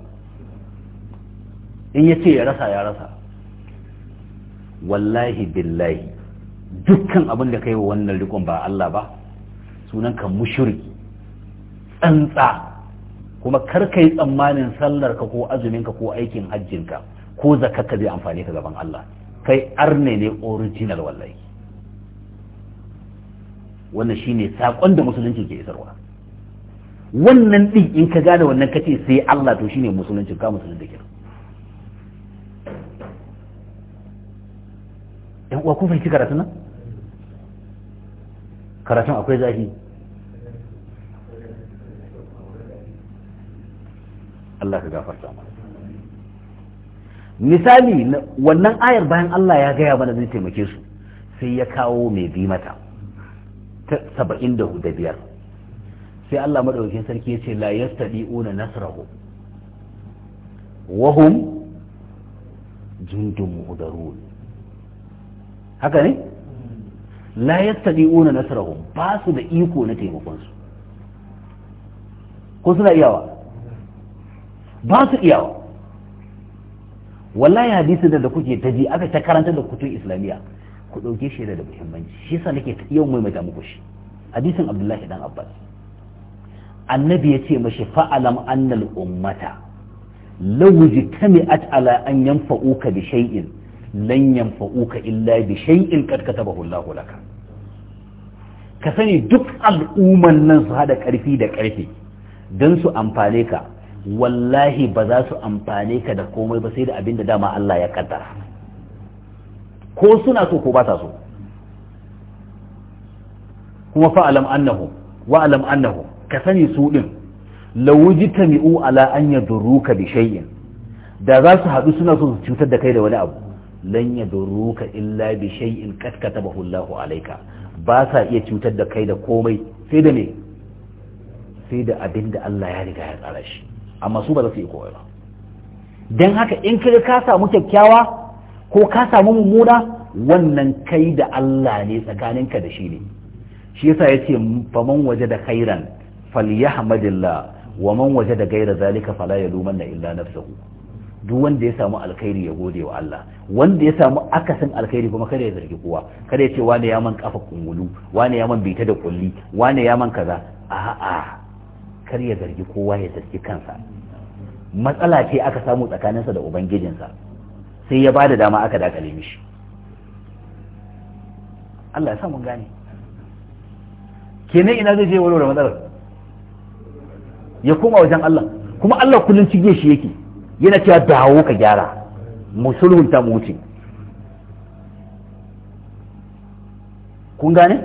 S1: in ya ya rasa ya rasa wallahi billahi dukkan abin da kai wa wannan rikon ba Allah ba sunan ka mushriki tsantsa kuma kar kai tsammanin sallar ka ko azumin ka ko aikin hajjin ka ko zakka ka zai amfani ka gaban Allah kai arne ne original wallahi wannan shine sakon da musulunci ke isarwa wannan din in ka gane wannan kace sai Allah to shine musulunci ka musulun da kira yan uwa kun fahimci karatun nan karatun akwai zafi Allah ka gafarta mana misali wannan ayar bayan Allah ya gaya mana zai taimake su sai ya kawo mai bi mata ta saba'in da biyar sai Allah madaukakin sarki yace la yastadi'una nasrahu wa hum jundun muhdarun haka ne la yastadi'una nasrahum ba su da iko na taimakon su ko suna iyawa ba su iyawa wallahi hadisi da kuke ta ji aka ta karanta da kutun islamiyya ku dauke shi da muhimmanci shi yasa nake yau maimaita muku shi hadisin abdullahi dan abbas annabi ya ce mashi fa'alam annal ummata lawuji tami'at ala an yanfa'uka bi shay'in lan yanfa'uka illa bi shay'in qad katabahu Allah laka ka sani duk al'umman nan su hada karfi da karfi dan su amfane ka wallahi ba za su amfane ka da komai ba sai da abinda da dama Allah ya kaddara ko suna so ko ba so kuma fa'alam annahu wa'alam annahu ka sani su ɗin lauji ta mi'u ala an ya ka bi shay'in da za su haɗu suna so su cutar da kai da wani abu lan ya ka illa bi shay'in kad katabahu Allahu alaika ba sa iya cutar da kai da komai sai da me sai da abin da Allah ya riga ya tsara shi amma su ba za su yi komai ba dan haka in kai ka samu kyakkyawa ko ka samu mummuna wannan kai da Allah ne tsakaninka da shi ne shi yasa yace faman waje da khairan falyahmadillah wa man wajada ghayra zalika fala yalumanna illa nafsuhu duk wanda ya samu alkhairi ya gode wa Allah wanda ya samu akasin alkhairi kuma kada ya zargi kowa kada ya ce wani ya man kafa kungulu Wani ya man bita da kulli Wani ya man kaza a'a kar ya zargi kowa ya zargi kansa matsala ce aka samu tsakaninsa da ubangijinsa sai ya bada dama aka dakale mishi Allah ya sa mun gane kenan ina zai je warware matsalar ya koma wajen Allah kuma Allah kullum cige shi yake yana cewa dawo ka gyara mu sulhunta mu wuce kun gane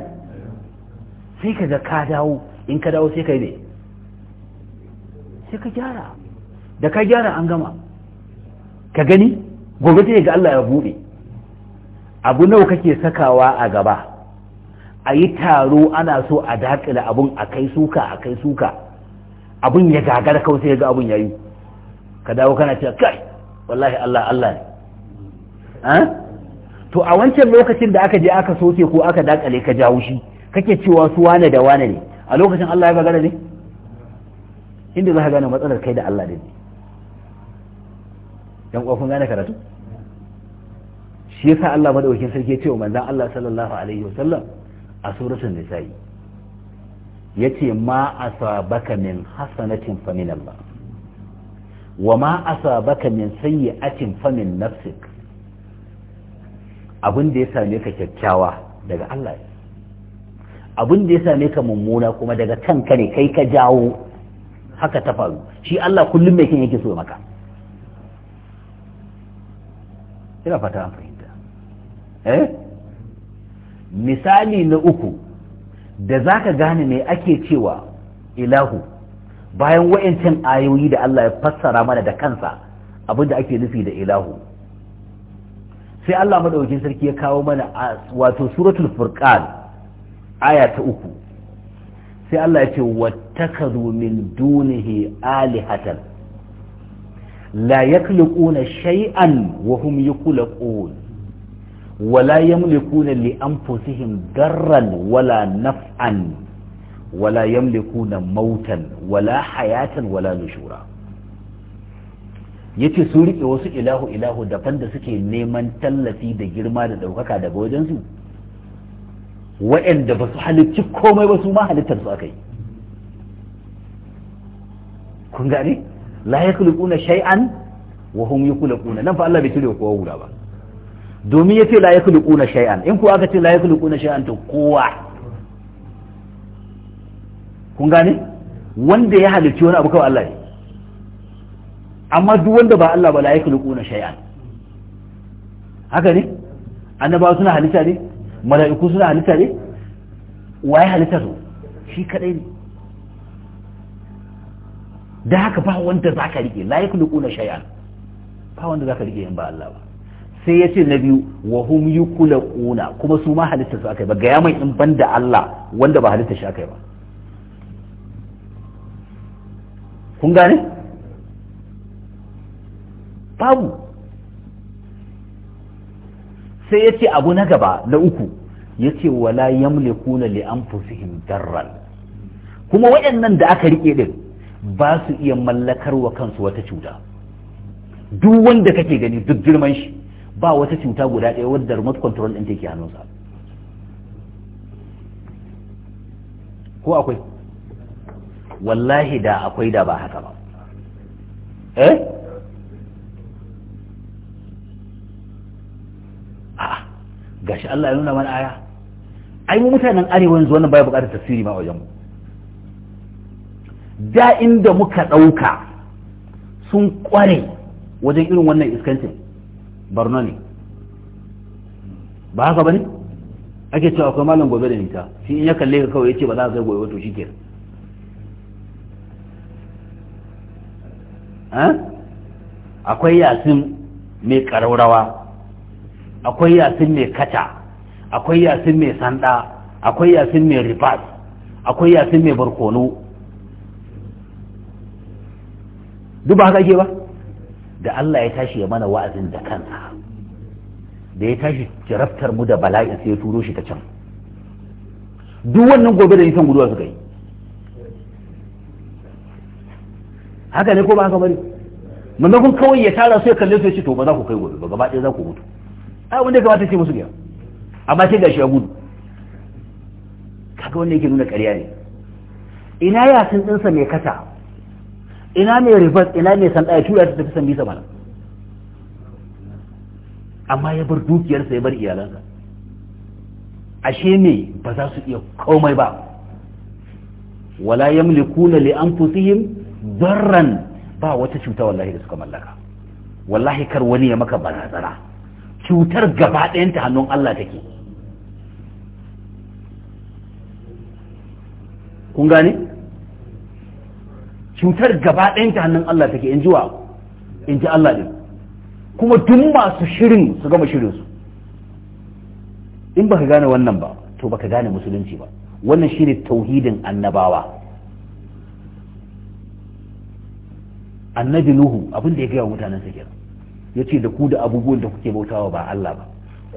S1: sai ka ga ka dawo in ka dawo sai ka yi ne sai ka gyara da ka gyara an gama ka gani gobe ta ga Allah ya buɗe abu nawa kake sakawa a gaba a yi taro ana so a daƙila abun a kai suka a kai suka abun ya gagara kawai sai ya ga abun yayi ka dawo kana cewa kai wallahi Allah Allah ne to a wancan lokacin da aka je aka soke ko aka dakale ka jawo shi kake cewa su wane da wane ne a lokacin Allah ya gagara ne inda za ka gane matsalar kai da Allah ne dan kofin gane karatu shi yasa Allah madaukakin sarki ya ce wa manzon Allah sallallahu alaihi wasallam a suratul nisa'i Ya ce ma asabaka min hasanatin fa min Allah wa ma asabaka min sayyi'atin fa min nafsik abin da ya same ka kyakkyawa daga Allah abin da ya same ka mummuna kuma daga kanka ne kai ka jawo haka ta faru shi Allah kullum mai kin yake so maka ina fata an fahimta eh misali na uku da za ka gane me ake cewa ilahu bayan wa'ancin ayoyi da Allah ya fassara mana da kansa abinda ake nufi da ilahu sai Allah maɗaukin sarki ya kawo mana wato suratul furqan aya ta uku sai Allah ya ce wattakhadhu min dunihi alihatan la yakhluquna shay'an wa hum yakhluqun wala yamlikuna li anfusihim darran wala naf'an wala yamlikuna mautan wala hayatan wala nushura yace su riƙe wasu ilahu ilahu daban da suke neman tallafi da girma da ɗaukaka daga wajensu waɗanda ba su halicci komai ba su ma halittar su akai kun gani la na shay'an wa hum yakhluquna nan fa Allah bai cire kowa guda ba domin yace la yakhluquna shay'an in ku aka ce la yakhluquna shay'an to kowa kun gane wanda ya halicci wani abu kawai Allah ne amma duk wanda ba Allah ba la yakhluquna shay'an haka ne annabawa suna halitta ne mala'iku suna halitta ne waye halitta to shi kadai ne da haka ba wanda zaka rike la yakhluquna shay'an ba wanda zaka rike in ba Allah ba sai ya ce na biyu wa hum kuna kuma su ma halitta su akai ba ga mai in da Allah wanda ba halitta shi akai ba kun gane babu sai ya ce abu na gaba na uku ya ce wala yamlikuna li anfusihim darral kuma waɗannan da aka riƙe din ba su iya mallakar wa kansu wata cuta duk wanda kake gani duk girman shi ba wata cuta guda ɗaya wadda remote control ɗin take hannunsa ko akwai wallahi da akwai da ba haka ba eh a'a gashi Allah ya nuna mana aya ai mu mutanen arewa yanzu wannan baya bukatar tafsiri ma wajen mu da inda muka ɗauka sun ƙware wajen irin wannan iskancin barna ne ba haka ba ne ake cewa akwai malam gobe da nita shi in ya kalle ka kawai ya ce ba za a zai gobe wato shi ke akwai yasin mai karaurawa akwai yasin mai kata akwai yasin mai sanda akwai yasin mai rifas akwai yasin mai barkono duk ba haka ake ba da Allah ya tashi ya mana wa'azin da kansa da ya tashi jarabtar mu da bala'in sai ya turo shi ta can duk wannan gobe da nisan guduwa suka yi haka ne ko ba haka bari kun kawai ya tara su ya kalle su ya ce to ba za ku kai gobe ba gaba ɗaya za ku mutu a wanda ya kamata ce musu biya amma sai gashi ya gudu kaga wanda yake nuna ƙarya ne ina yasin ɗinsa mai kasa ina mai reverse ina mai sanda ya tura ta tafi san bisa mana amma ya bar dukiyarsa ya bar iyalansa ashe ne ba za su iya komai ba wala yamlikuna li anfusihim darran ba wata cuta wallahi da suka mallaka wallahi kar wani ya maka barazana cutar gaba ɗayanta hannun Allah take kun gane cutar gaba ɗayan ta hannun Allah take in jiwa in ji Allah ɗin? kuma duk masu shirin su gama shirin su in baka gane wannan ba to baka gane musulunci ba wannan shine tauhidin annabawa annabi nuhu abin da ya gaya mutanen sa kenan ce da ku da abubuwan da kuke bautawa ba Allah ba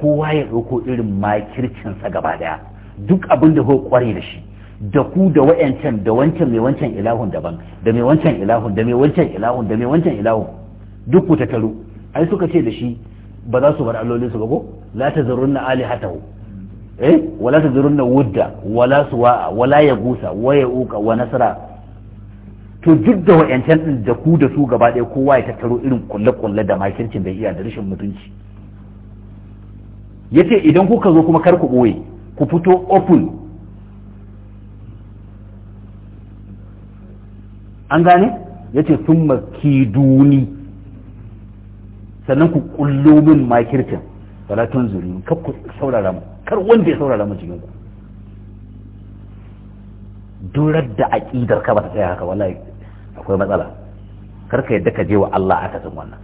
S1: kowa ya ɗauko irin makircinsa gaba daya duk abinda da kuka kware da shi da ku da wa'yancan da wancan mai wancan ilahun daban da mai wancan ilahun da mai wancan ilahun da mai wancan ilahun duk ku tattaru ai suka ce da shi ba za su bar allolin su ba ko la tazurunna alihatahu eh wala tazurunna wudda wala suwa wala gusa waya uka wa nasara to duk da wa'yancan din da ku da su gaba ɗaya kowa ya tattaro irin kulle-kulle da makircin da iya da rashin mutunci yace idan kuka zo kuma kar ku ɓoye ku fito open an gane ya ce sun makiduni sannan ku kullo min makircin falatun zuri kar ku saurara mu kar wanda ya saurara mu cikin ku durar da aƙidar ka ba ta tsaya haka wallahi akwai matsala kar ka yadda ka je wa Allah aka san wannan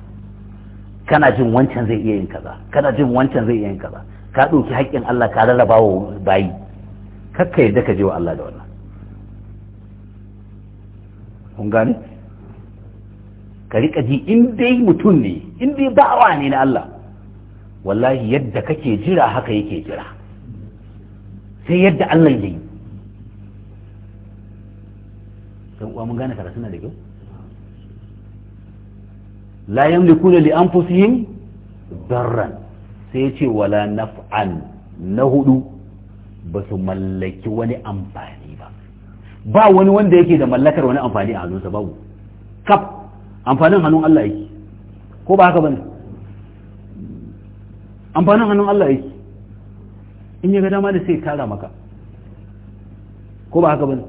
S1: kana jin wancan zai iya yin kaza kana jin wancan zai iya yin kaza ka ɗauki haƙƙin Allah ka rarraba wa bayi kar ka yadda ka je wa Allah da wannan kun gane ka rika ji in dai mutum ne in dai bawa ne na Allah wallahi yadda kake jira haka yake jira sai yadda Allah ya yi dan uwa mun gane karatu na da kyau la yamliku li anfusihim darran sai ya ce wala naf'an na hudu ba su mallaki wani amfani ba wani wanda yake da mallakar wani amfani a hannunsa babu kaf amfanin hannun Allah yake ko ba haka bane amfanin hannun Allah yake in ya ga dama da sai tara maka ko ba haka bane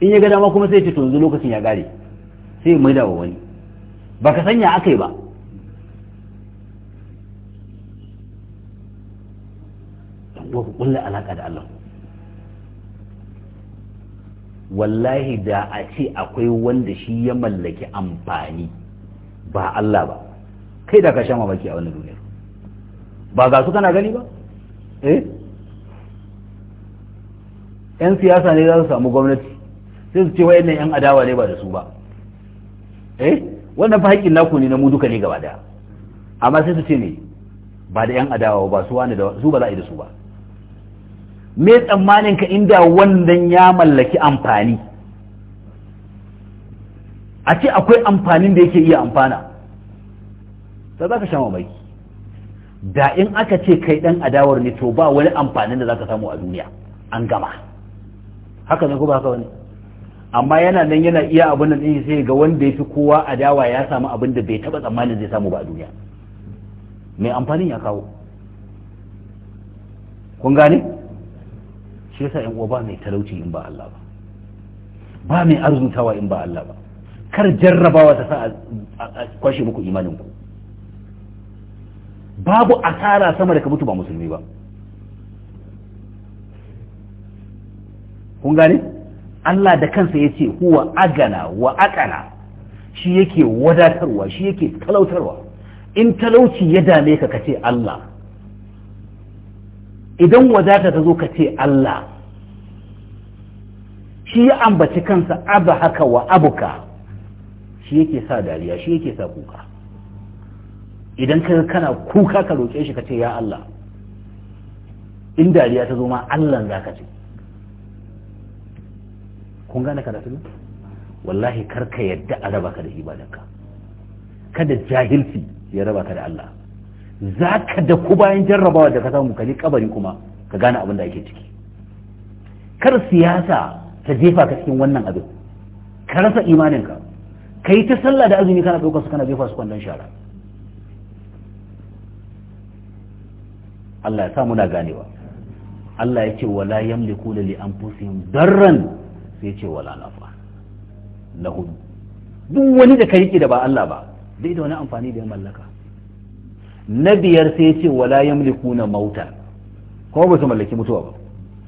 S1: in ya ga dama kuma sai ce to yanzu lokacin ya gare sai mai dawo wani ba ka sanya akai ba wa kullu kulla alaka da Allah wallahi da a ce akwai wanda shi ya mallaki amfani ba Allah ba kai da ka sha mamaki a wani duniyar ba ga su kana gani ba eh yan siyasa ne za su samu gwamnati sai su ce wayannan yan adawa ne ba da su ba eh wannan fa haƙƙin naku ne na mu duka ne gaba daya amma sai su ce ne ba da yan adawa ba su wani da su ba za a yi da su ba me tsammanin ka inda wannan ya mallaki amfani a ce akwai amfanin da yake iya amfana ta za ka sha mamaki da in aka ce kai dan adawar ne to ba wani amfanin da za ka samu a duniya an gama haka ne ko ba haka wani amma yana nan yana iya abin da ɗin sai ga wanda ya fi kowa adawa ya samu abin da bai taɓa tsammanin zai samu ba a duniya mai amfanin ya kawo kun gane shi yasa yan uwa ba mai talauci in ba Allah ba ba mai arzutawa in ba Allah ba kar jarrabawa ta sa a kwashe muku imanin ku babu asara sama da ka mutu ba musulmi ba kun gane Allah da kansa ya ce huwa agana wa akana shi yake wadatarwa shi yake talautarwa in talauci ya dame ka ka ce Allah idan wadata ta zo ka ce Allah shi ya ambaci kansa abu haka wa abuka shi yake sa dariya shi yake sa kuka idan ka kana kuka ka roƙe shi ka ce ya Allah in dariya ta zo ma Allah za ka ce kun gane karatu wallahi karka yadda a raba ka da ibadanka kada jahilci ya raba ka da Allah za ka da ku bayan jarrabawa da ka samu ka je kabari kuma ka gane abin da ake ciki kar siyasa ta jefa ka cikin wannan abin ka rasa imaninka ka yi ta sallah da azumi kana ɗaukar su kana jefa su kwandon shara Allah ya sa muna ganewa Allah ya ce wala yamliku li anfusihim darran sai ce wala nafa lahum duk wani da ka yi da ba Allah ba dai da wani amfani da ya mallaka na biyar sai ce wala yamlikuna mauta kuma ba su mallaki mutuwa ba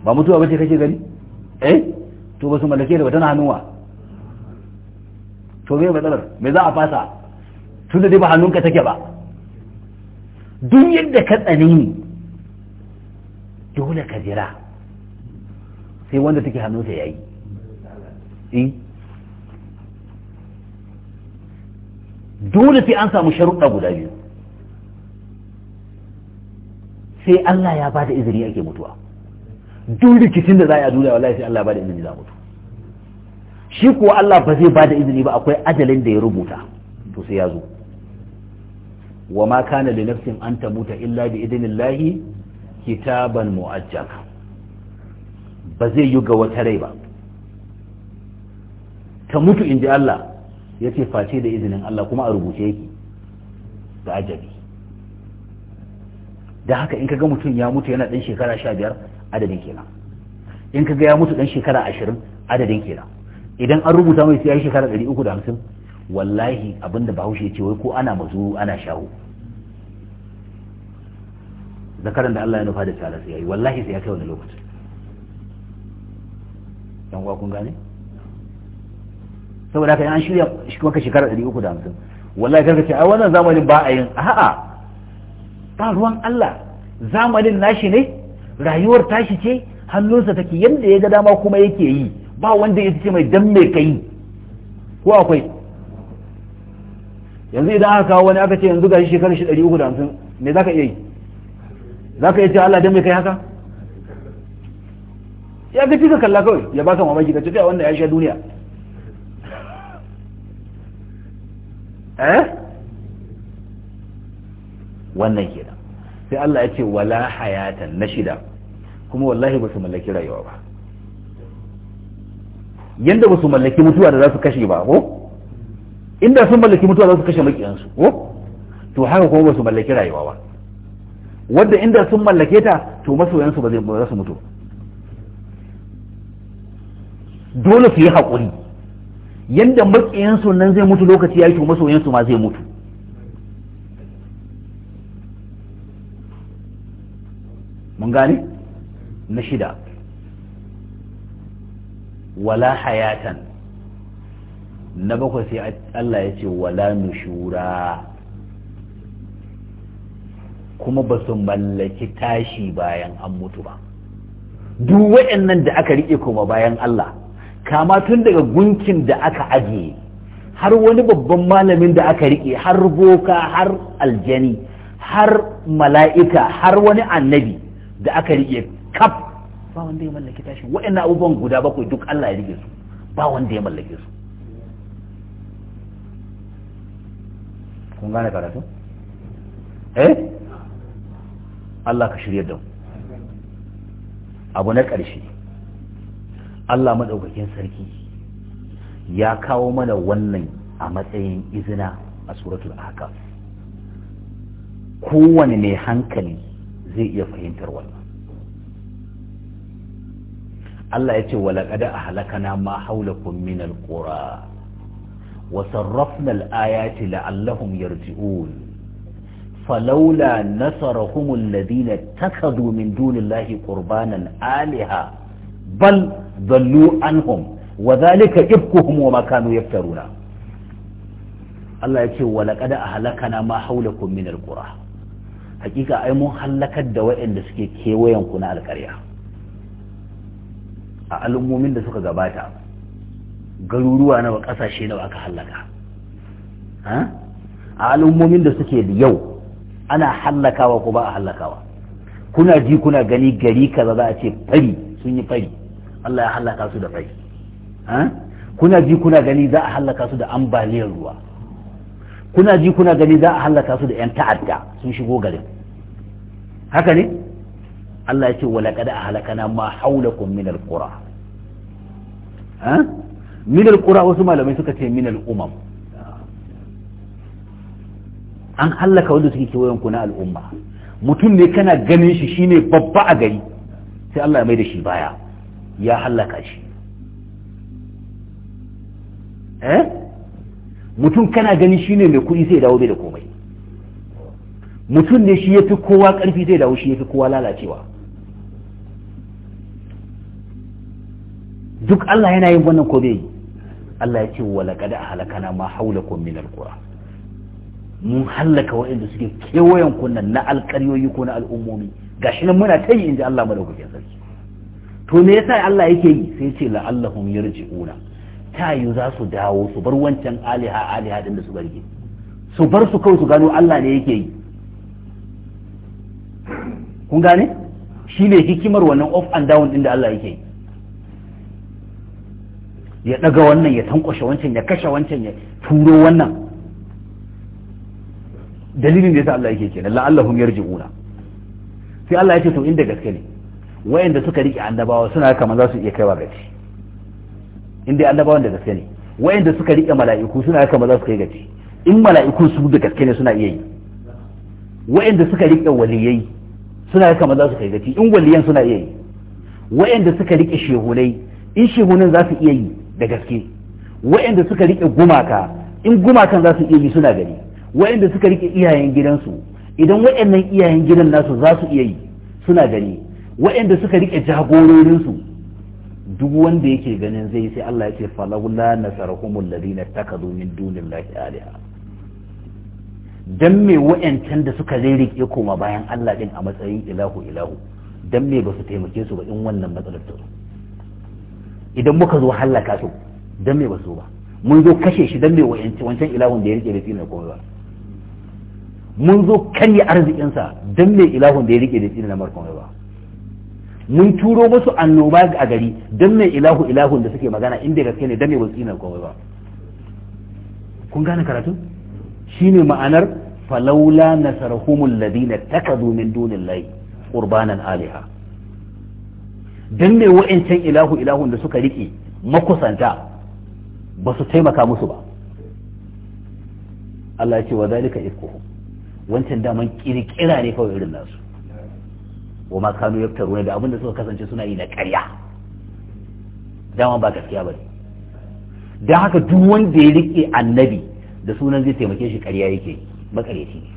S1: ba mutuwa ba ce kake gani eh to ba su mallake da ba tana hannuwa to me matsalar me za a fasa tun da dai ba hannunka take ba duk yadda ka tsani dole ka jira sai wanda take ta ya yi eh? dole sai an samu sharuɗa guda biyu sai Allah ya bada izini ake mutuwa duk rikicin da za a yi duniya wallahi sai Allah bada izini za mutu shi kuwa Allah ba zai bada izini ba akwai ajalin da ya rubuta to sai ya zo wa ma kana li nafsin an tamuta illa bi idnillahi kitaban mu'ajjal ba zai yi ga wata rai ba ta mutu in ji Allah yace face da izinin Allah kuma a rubuce yake da ajabi da haka in kaga mutum ya mutu yana dan shekara sha biyar adadin kenan in kaga ya mutu dan shekara ashirin adadin kenan idan an rubuta mai sai ya yi shekara ɗari uku da hamsin wallahi abinda bahaushe ce wai ko ana mazu ana shaho zakaran da Allah ya nufa da tsara sai yayi wallahi sai ya kai wani lokaci yan uwa kun gane saboda haka an shirya shi kuma shekara 350 wallahi karka ce ai wannan zamanin ba a yin a'a ba ruwan Allah zamanin nashi ne rayuwar tashi ce hannunsa take yadda ya ga dama kuma yake yi ba wanda ya ce mai dan me kai ko akwai yanzu idan aka kawo wani aka ce yanzu shi shekarar shi ɗari uku da hamsin me za ka iya yi za ka iya ce Allah dan me kai haka ya ga ka kalla kawai ya ba ka mamaki ka tafiya wanda ya sha duniya eh wannan kenan sai Allah ya ce wala hayatan na shida kuma wallahi ba su mallaki rayuwa ba yanda ba su mallaki mutuwa da za su kashe ba ko inda sun mallaki mutuwa za su kashe makiyansu ko to haka kuma ba su mallaki rayuwa ba wadda inda sun mallake ta to masoyansu ba za su mutu dole su yi haƙuri yanda makiyansu nan zai mutu lokaci ya yi to masoyansu ma zai mutu mun gane na shida wala hayatan na bakwai sai Allah ya ce wala nushura kuma ba su mallaki tashi bayan an mutu ba duk waɗannan da aka riƙe kuma bayan Allah kama tun daga gunkin da aka ajiye har wani babban malamin da aka riƙe har boka har aljani har mala'ika har wani annabi da aka rike kaf ba wanda ya mallaki tashi waɗannan abubuwan guda bakwai duk Allah ya rike su ba wanda ya mallake su kun gane karatu eh Allah ka shirya da mu abu na ƙarshe Allah madaukakin sarki ya kawo mana wannan a matsayin izina a suratul ahqaf kowane mai hankali zai iya fahimtar wannan Allah ya ce walaƙada a halakana ma haulakun min alƙura wasarrafna al'ayati la'allahum yarji'un falaula nasarahum alladhina takadu min dunillahi ƙurbanan aliha bal dallu anhum wa zalika ibkuhum wa ma kanu Allah ya ce walaƙada a halakana ma haulakun min ƙura hakika ai mun hallakar da waɗanda suke kewayen ku na alƙarya a al'ummomin da suka gabata garuruwa nawa ƙasashe nawa aka hallaka a al'ummomin da suke yau ana hallakawa ko ba a hallakawa kuna ji kuna gani gari kaza za a ce fari sun yi fari Allah ya hallaka su da fari kuna ji kuna gani za a hallaka su da ambaliyar ruwa kuna ji kuna gani za a hallaka su da 'yan ta'adda sun shigo garin haka ne Allah ya ce wa laqad ahlakana ma haulakum min alqura ha min alqura wasu malamai suka ce min al'umam an halaka wanda suke kewayen ku na al'umma mutum ne kana ganin shi shine babba a gari sai Allah ya mai da shi baya ya halaka shi eh mutum kana ganin shine mai kuɗi sai ya dawo bai da komai mutum ne shi ya fi kowa ƙarfi zai dawo shi ya fi kowa lalacewa duk Allah yana yin wannan ko bai Allah ya ce wala kada halakana ma haulakum min alqura mun halaka waɗanda suke kewayen kunnan na alƙaryoyi ko na al'ummomi gashi nan muna ta yi inji Allah madaukakin sarki to me yasa Allah yake yi sai ce la'allahum yarji'una ta yi za su dawo su bar wancan aliha aliha din da su barge su bar su kawai su gano Allah ne yake yi kun gane shi ne hikimar wannan off and down din da Allah yake yi ya daga wannan ya tankwashe wancan ya kashe wancan ya turo wannan dalilin da sa Allah yake kenan la'allahum yarji'una sai Allah ya ce to inda gaske ne wayanda suka rike annabawa suna kama za su iya kaiwa gaci inda annabawan da gaske ne wayanda suka rike mala'iku suna kama za su kai gaci in mala'iku su da gaske ne suna iya yi wayanda suka rike waliyai suna kama za su kai gaci in waliyan suna iya yi wa'anda suka rike shehunai in shehunan za su iya yi da gaske wa'anda suka rike gumaka in gumakan za su iya yi suna gari wa'anda suka rike iyayen gidansu idan wa'annan iyayen gidan nasu za su iya yi suna gani wa'anda suka rike jagororinsu duk wanda yake ganin zai sai Allah ya ce falawla nasarahumul ladina takadu min dunillahi alaha dan me wa'yancan da suka rirriƙe koma bayan Allah din a matsayin ilahu ilahu dan me ba su taimake su ba in wannan matsalar ta idan muka zo hallaka su dan me ba su ba mun zo kashe shi dan me wancan ilahun da ya rike da tsina komai ba mun zo kanye arzikinsa dan me ilahun da ya rike da tsina na komai ba mun turo musu annoba a gari dan me ilahu ilahun da suke magana inda gaske ne dan me ba tsina komai ba kun gane karatu shine ma'anar falaula nasarhumul ladina takadu min dunillahi qurbanan aliha dan me wa'ancan ilahu ilahun da suka rike makusanta ba su taimaka musu ba Allah ce wa zalika ifkuhum wancan daman kirkira ne kawai irin nasu wa ma kanu yaftaru da abin da suka kasance suna yi na ƙarya dama ba gaskiya ba ne haka duk wanda ya rike annabi da sunan zai taimake shi ƙarya yake makareci ne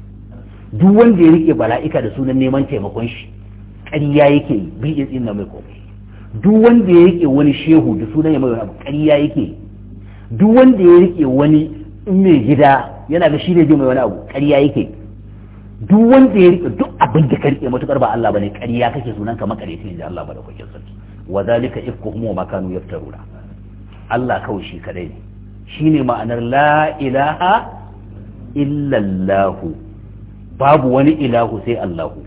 S1: duk wanda ya rike bala'ika da sunan neman taimakon shi ƙarya yake bi ya inna mai komai duk wanda ya rike wani shehu da sunan ya mai abu ƙarya yake duk wanda ya rike wani mai gida yana ga shi ne zai mai wani abu ƙarya yake duk wanda ya rike duk abin da ka rike matukar ba Allah bane ƙarya kake sunan ka makareci ne da Allah ba da kwakin sarki wa zalika ifkuhum wa makanu yaftaruna Allah kawai shi kadai ne shine ma'anar la ilaha illallahu babu wani ilahu sai Allahu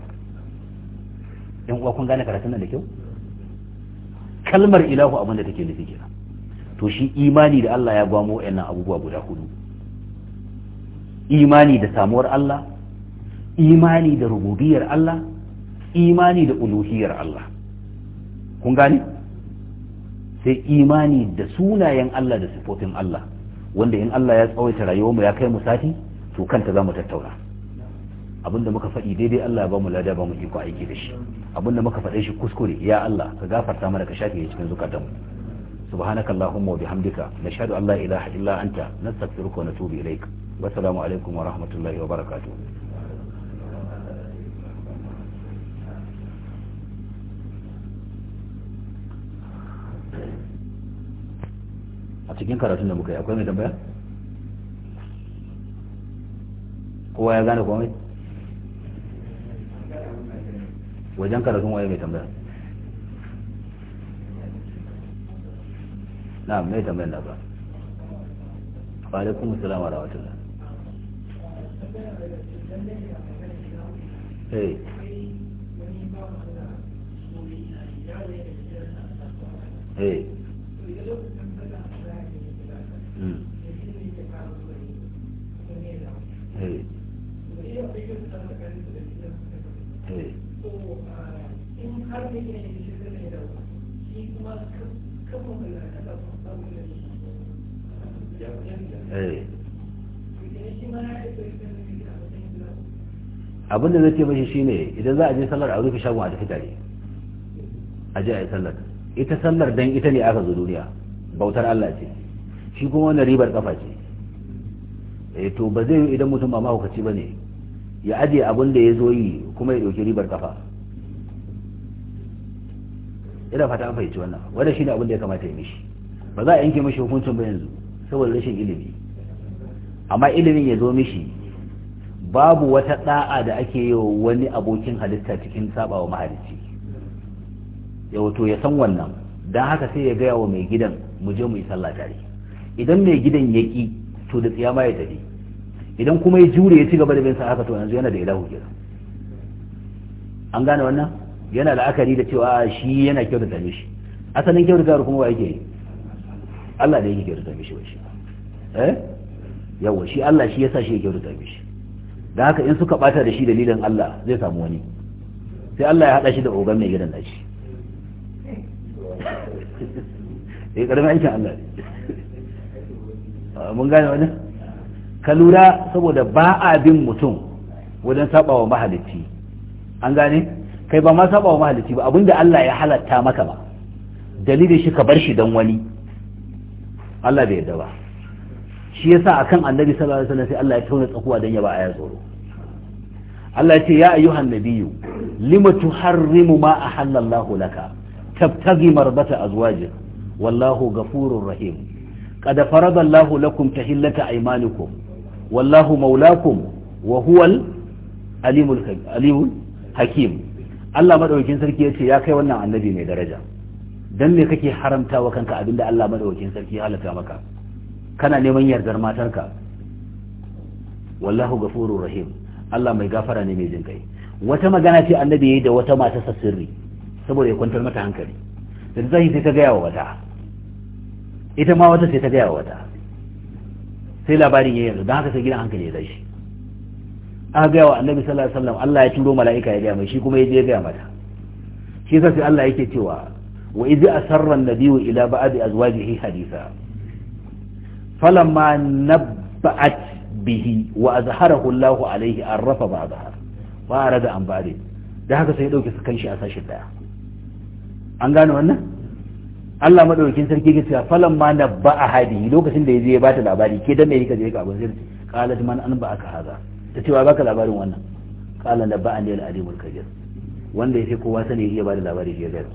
S1: in uwa kun gane karatun nan da kyau kalmar ilahu abin da take nufi kenan to shi imani da Allah ya gwamo wayannan abubuwa guda hudu imani da samuwar Allah imani da rububiyar Allah imani da uluhiyar Allah kun gane sai imani da sunayen Allah da sifofin Allah wanda in Allah ya tsawaita rayuwarmu ya kai mu sati to kanta za mu tattauna abinda muka faɗi daidai Allah ba mu lada ba mu iko aiki da shi abinda muka faɗe shi kuskure ya Allah ka gafarta mana ka shafe cikin zukatanmu subhanakallahumma wa bihamdika hamdika an la ilaha illa anta nastaghfiruka wa natubu ilaik wassalamu alaikum wa rahmatullahi wa barakatu. a cikin karatun da muka yi akwai mai tambaya kowa ya gane komai wajen karatun waye mai tambaya na mai tambayar na ba wa alaikum assalam wa rahmatullah hey eh. eh. hey abin da zai ce mashi shine idan za a je sallar a rufe shagon a tafi tare a je a yi sallar ita sallar dan ita ne aka zo duniya bautar Allah ce shi kuma wannan ribar kafa ce eh to ba zai idan mutum ba mahaukaci ba ne ya aje abin da ya zo yi kuma ya ɗauki ribar kafa ina fata an fahimci wannan wanda ne abin da ya kamata ya mishi ba za a yanke mishi hukuncin ba yanzu saboda rashin ilimi amma ilimin ya zo mishi babu wata da'a da ake yi wa wani abokin halitta cikin sabawa mahalicci ya wato ya san wannan don haka sai ya gaya wa mai gidan mu je mu yi sallah tare idan mai gidan ya ƙi to da tsiyama ya tafi idan kuma ya jure ya ci gaba da bin sa haka to yanzu yana da ilahu kenan an gane wannan yana la'akari da cewa shi yana kyautata mishi asalin kyautata kuma wa yake yi Allah ne yake kyautata mishi wai shi eh yawa shi Allah shi yasa shi da kyautata mishi dan haka in suka bata da shi dalilin Allah zai samu wani sai Allah ya hada shi da ogan mai gidan nashi sai karamin eh, aikin Allah ne Ah, mun gane wani ka lura saboda ba a bin mutum wajen saba wa mahalicci an gane kai ba ma saba wa mahalicci ba abinda Allah ya halatta maka ba dalilin shi ka bar shi don wani Allah bai yarda ba shi yasa akan annabi sallallahu alaihi wasallam sai Allah ya tauna tsakuwa dan ya ba aya tsoro Allah ya ce ya ayyuhan nabiyyu lima tuharrimu ma ahallallahu laka tabtaghi marbata azwajik wallahu ghafurur rahim qad farada Allahu lakum tahillata aymanukum wallahu maulakum wa huwal alimul hakim Allah madaukakin sarki ya ce ya kai wannan annabi mai daraja dan me kake haramtawa kanka abinda Allah madaukakin sarki ya halatta maka kana neman yardar matarka wallahu ghafurur rahim Allah mai gafara ne mai jin kai wata magana ce annabi ya yi da wata mata sirri saboda ya kwantar mata hankali da zai sai ta gaya wa wata ita ma wata sai ta gaya wata sai labarin ya yanzu don haka sai gidan hankali ya tashi aka gaya wa annabi sallallahu alaihi wasallam Allah ya turo mala'ika ya gaya mai shi kuma ya je ya gaya mata shi yasa sai Allah yake cewa wa idza asarra an-nabiyyu ila ba'di azwajihi hadisa falamma nabba'at bihi wa azharahu Allah alaihi arrafa ba'daha wa arada an ba'di da haka sai ya dauke su kanshi a sashin daya an gane wannan Allah madaukakin sarki ke cewa falan ma na ba a hadi lokacin da ya je ya bata labari ke dan me yake je ka abun sirri qalat man an ba aka haza ta cewa baka labarin wannan qala da ba an dal alimul kabir wanda ya fi kowa sani ya bada labari ya gaya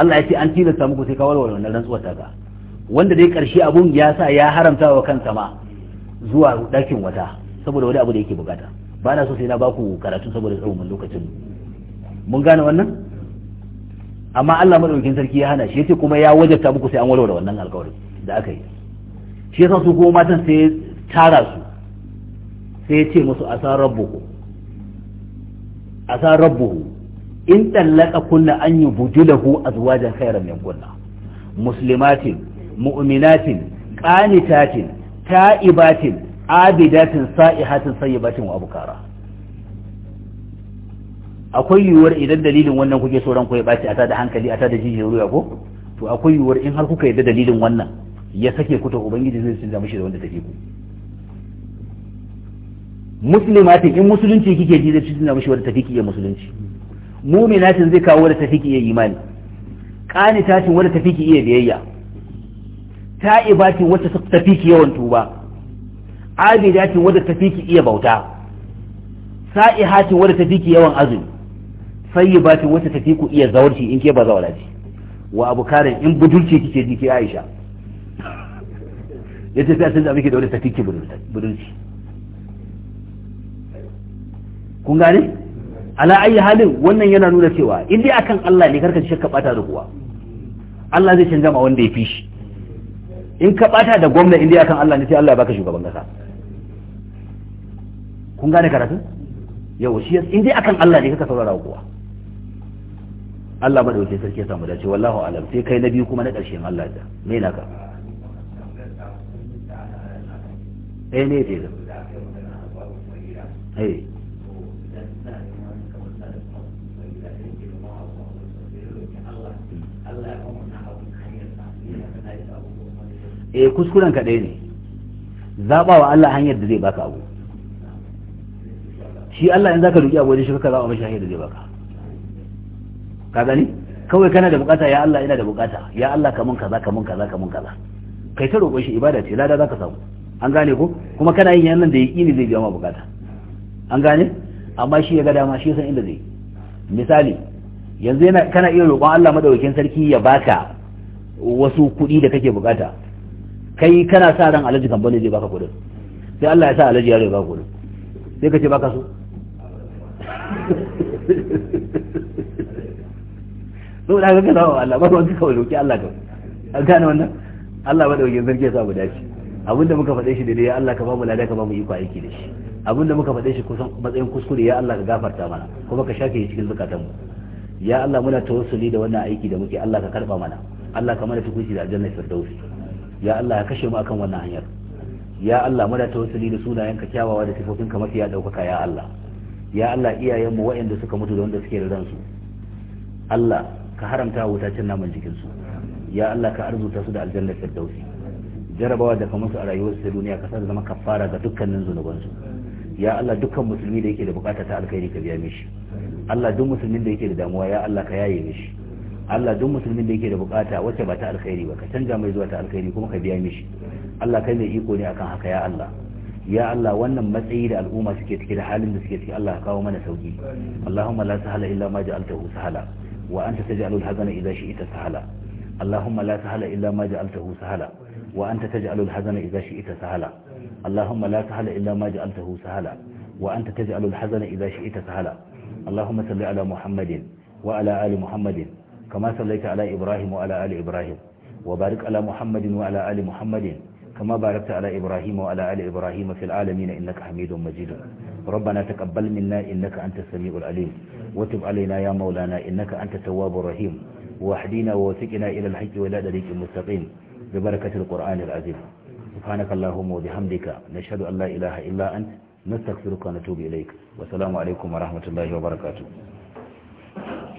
S1: Allah ya ce an tilasta muku sai ka walwala wannan rantsuwar ta ga wanda dai karshe abun ya sa ya haramta wa kansa ma zuwa dakin wata saboda wani abu da yake bukata ba na so sai na baku karatu saboda tsawon lokacin mun gane wannan amma Allah madaukakin sarki ya hana shi yace kuma ya wajabta muku sai an warware wannan alƙawarin da aka yi shi yasa su kuma matan sai tara su sai ya ce musu asa rabbuhu asa rabbuhu in tallaka kunna an yubjilahu azwajan khairan min kunna muslimatin mu'minatin qanitatin ta'ibatin abidatin sa'ihatin sayyibatin wa abukara akwai yiwuwar idan dalilin wannan kuke so ku ya ɓaci a tada hankali a tada jijiyar ruwa ko to akwai yiwuwar in har kuka yadda dalilin wannan ya sake ku to ubangiji zai canza mishi da wanda take ku muslimatin in musulunci kike ji zai canza mishi wanda take iya musulunci tin zai kawo wanda take iya imani tin wanda take iya biyayya ibati wanda take yawan tuba tin wanda take iya bauta hati wadda take fiki yawan azumi sayyibati wacce ta fi ku iya zawarci in ke ba zawara ce wa abu karin in budurci kike ji ke aisha ya ce sai a canza miki da wani tafi ki budurci kun gane ala ayi halin wannan yana nuna cewa in dai akan Allah ne karka shakka bata da kuwa Allah zai canza ma wanda ya fi shi in ka bata da gwamna in dai akan Allah ne sai Allah ya baka shugaban kasa kun gane karatu yau shi in dai akan Allah ne kaka saurara kuwa Allah wuce sarki ya samu dace wallahu alam sai kai na biyu kuma na ƙarshen Allah da me ka eh ne ce eh eh kuskuren ka ɗaya ne zaɓa wa Allah hanyar da zai baka abu shi Allah in zaka duki abu wajen shi ka zaɓa mashi hanyar da zai baka ka gani kawai kana da bukata ya Allah ina da bukata ya Allah kamun kaza kamun kaza kamun kaza kai ta roƙon shi ibada ce lada zaka samu an gane ko kuma kana yin yannan da yaƙini zai biya ma bukata an gane amma shi ya ga dama shi san inda zai misali yanzu yana kana iya roƙon Allah madaukakin sarki ya baka wasu kuɗi da kake bukata kai kana sa ran alaji kan bane zai baka kuɗin sai Allah ya sa alaji ya rai baka kuɗin sai kace baka so saboda haka ka zama Allah ba ruwan ka roki Allah ka an gane wannan Allah ba da wajen zargi ya samu dace abinda muka faɗe shi daidai ya Allah ka ba mu lada ka ba mu iko aiki da shi abinda muka faɗe shi kusan matsayin kuskure ya Allah ka gafarta mana kuma ka shafe cikin zukatanmu ya Allah muna tawassuli da wannan aiki da muke Allah ka karba mana Allah ka mana tukunci da aljannar firdausi ya Allah ka kashe mu akan wannan hanyar ya Allah muna tawassuli da sunayenka kyawawa da sifofin sifofinka mafiya daukaka ya Allah ya Allah iyayenmu waɗanda suka mutu da wanda suke da ransu Allah ka haramta wuta cin naman jikinsu ya Allah ka arzuta su da aljannar firdausi jarabawa da ka musu a rayuwarsu ta duniya ka sa zama kafara ga dukkanin zunubansu ya Allah dukkan musulmi da yake da bukata ta alkhairi ka biya mishi Allah duk musulmin da yake da damuwa ya Allah ka yaye mishi Allah duk musulmin da yake da bukata wacce ba ta alkhairi ba ka canja mai zuwa ta alkhairi kuma ka biya mishi Allah kai mai iko ne akan haka ya Allah ya Allah wannan matsayi da al'umma suke cike da halin da suke ciki Allah ka kawo mana sauki Allahumma la sahala illa ma ja'altahu sahala وأنت تجعل الحزن إذا شئت سهلا اللهم لا سهل إلا ما جعلته سهلا وأنت تجعل الحزن إذا شئت سهلا اللهم لا سهل إلا ما جعلته سهلا وأنت تجعل الحزن إذا شئت سهلا اللهم صل على محمد وعلى آل محمد كما صليت على إبراهيم وعلى آل إبراهيم وبارك على محمد وعلى آل محمد كما باركت على إبراهيم وعلى آل إبراهيم في العالمين إنك حميد مجيد ربنا تقبل منا إنك أنت السميع العليم وتب علينا يا مولانا إنك أنت التواب الرحيم واحدينا ووثقنا إلى الحج ولا دريك المستقيم ببركة القرآن العظيم سبحانك اللهم وبحمدك نشهد أن لا إله إلا أنت نستغفرك ونتوب إليك والسلام عليكم ورحمة الله وبركاته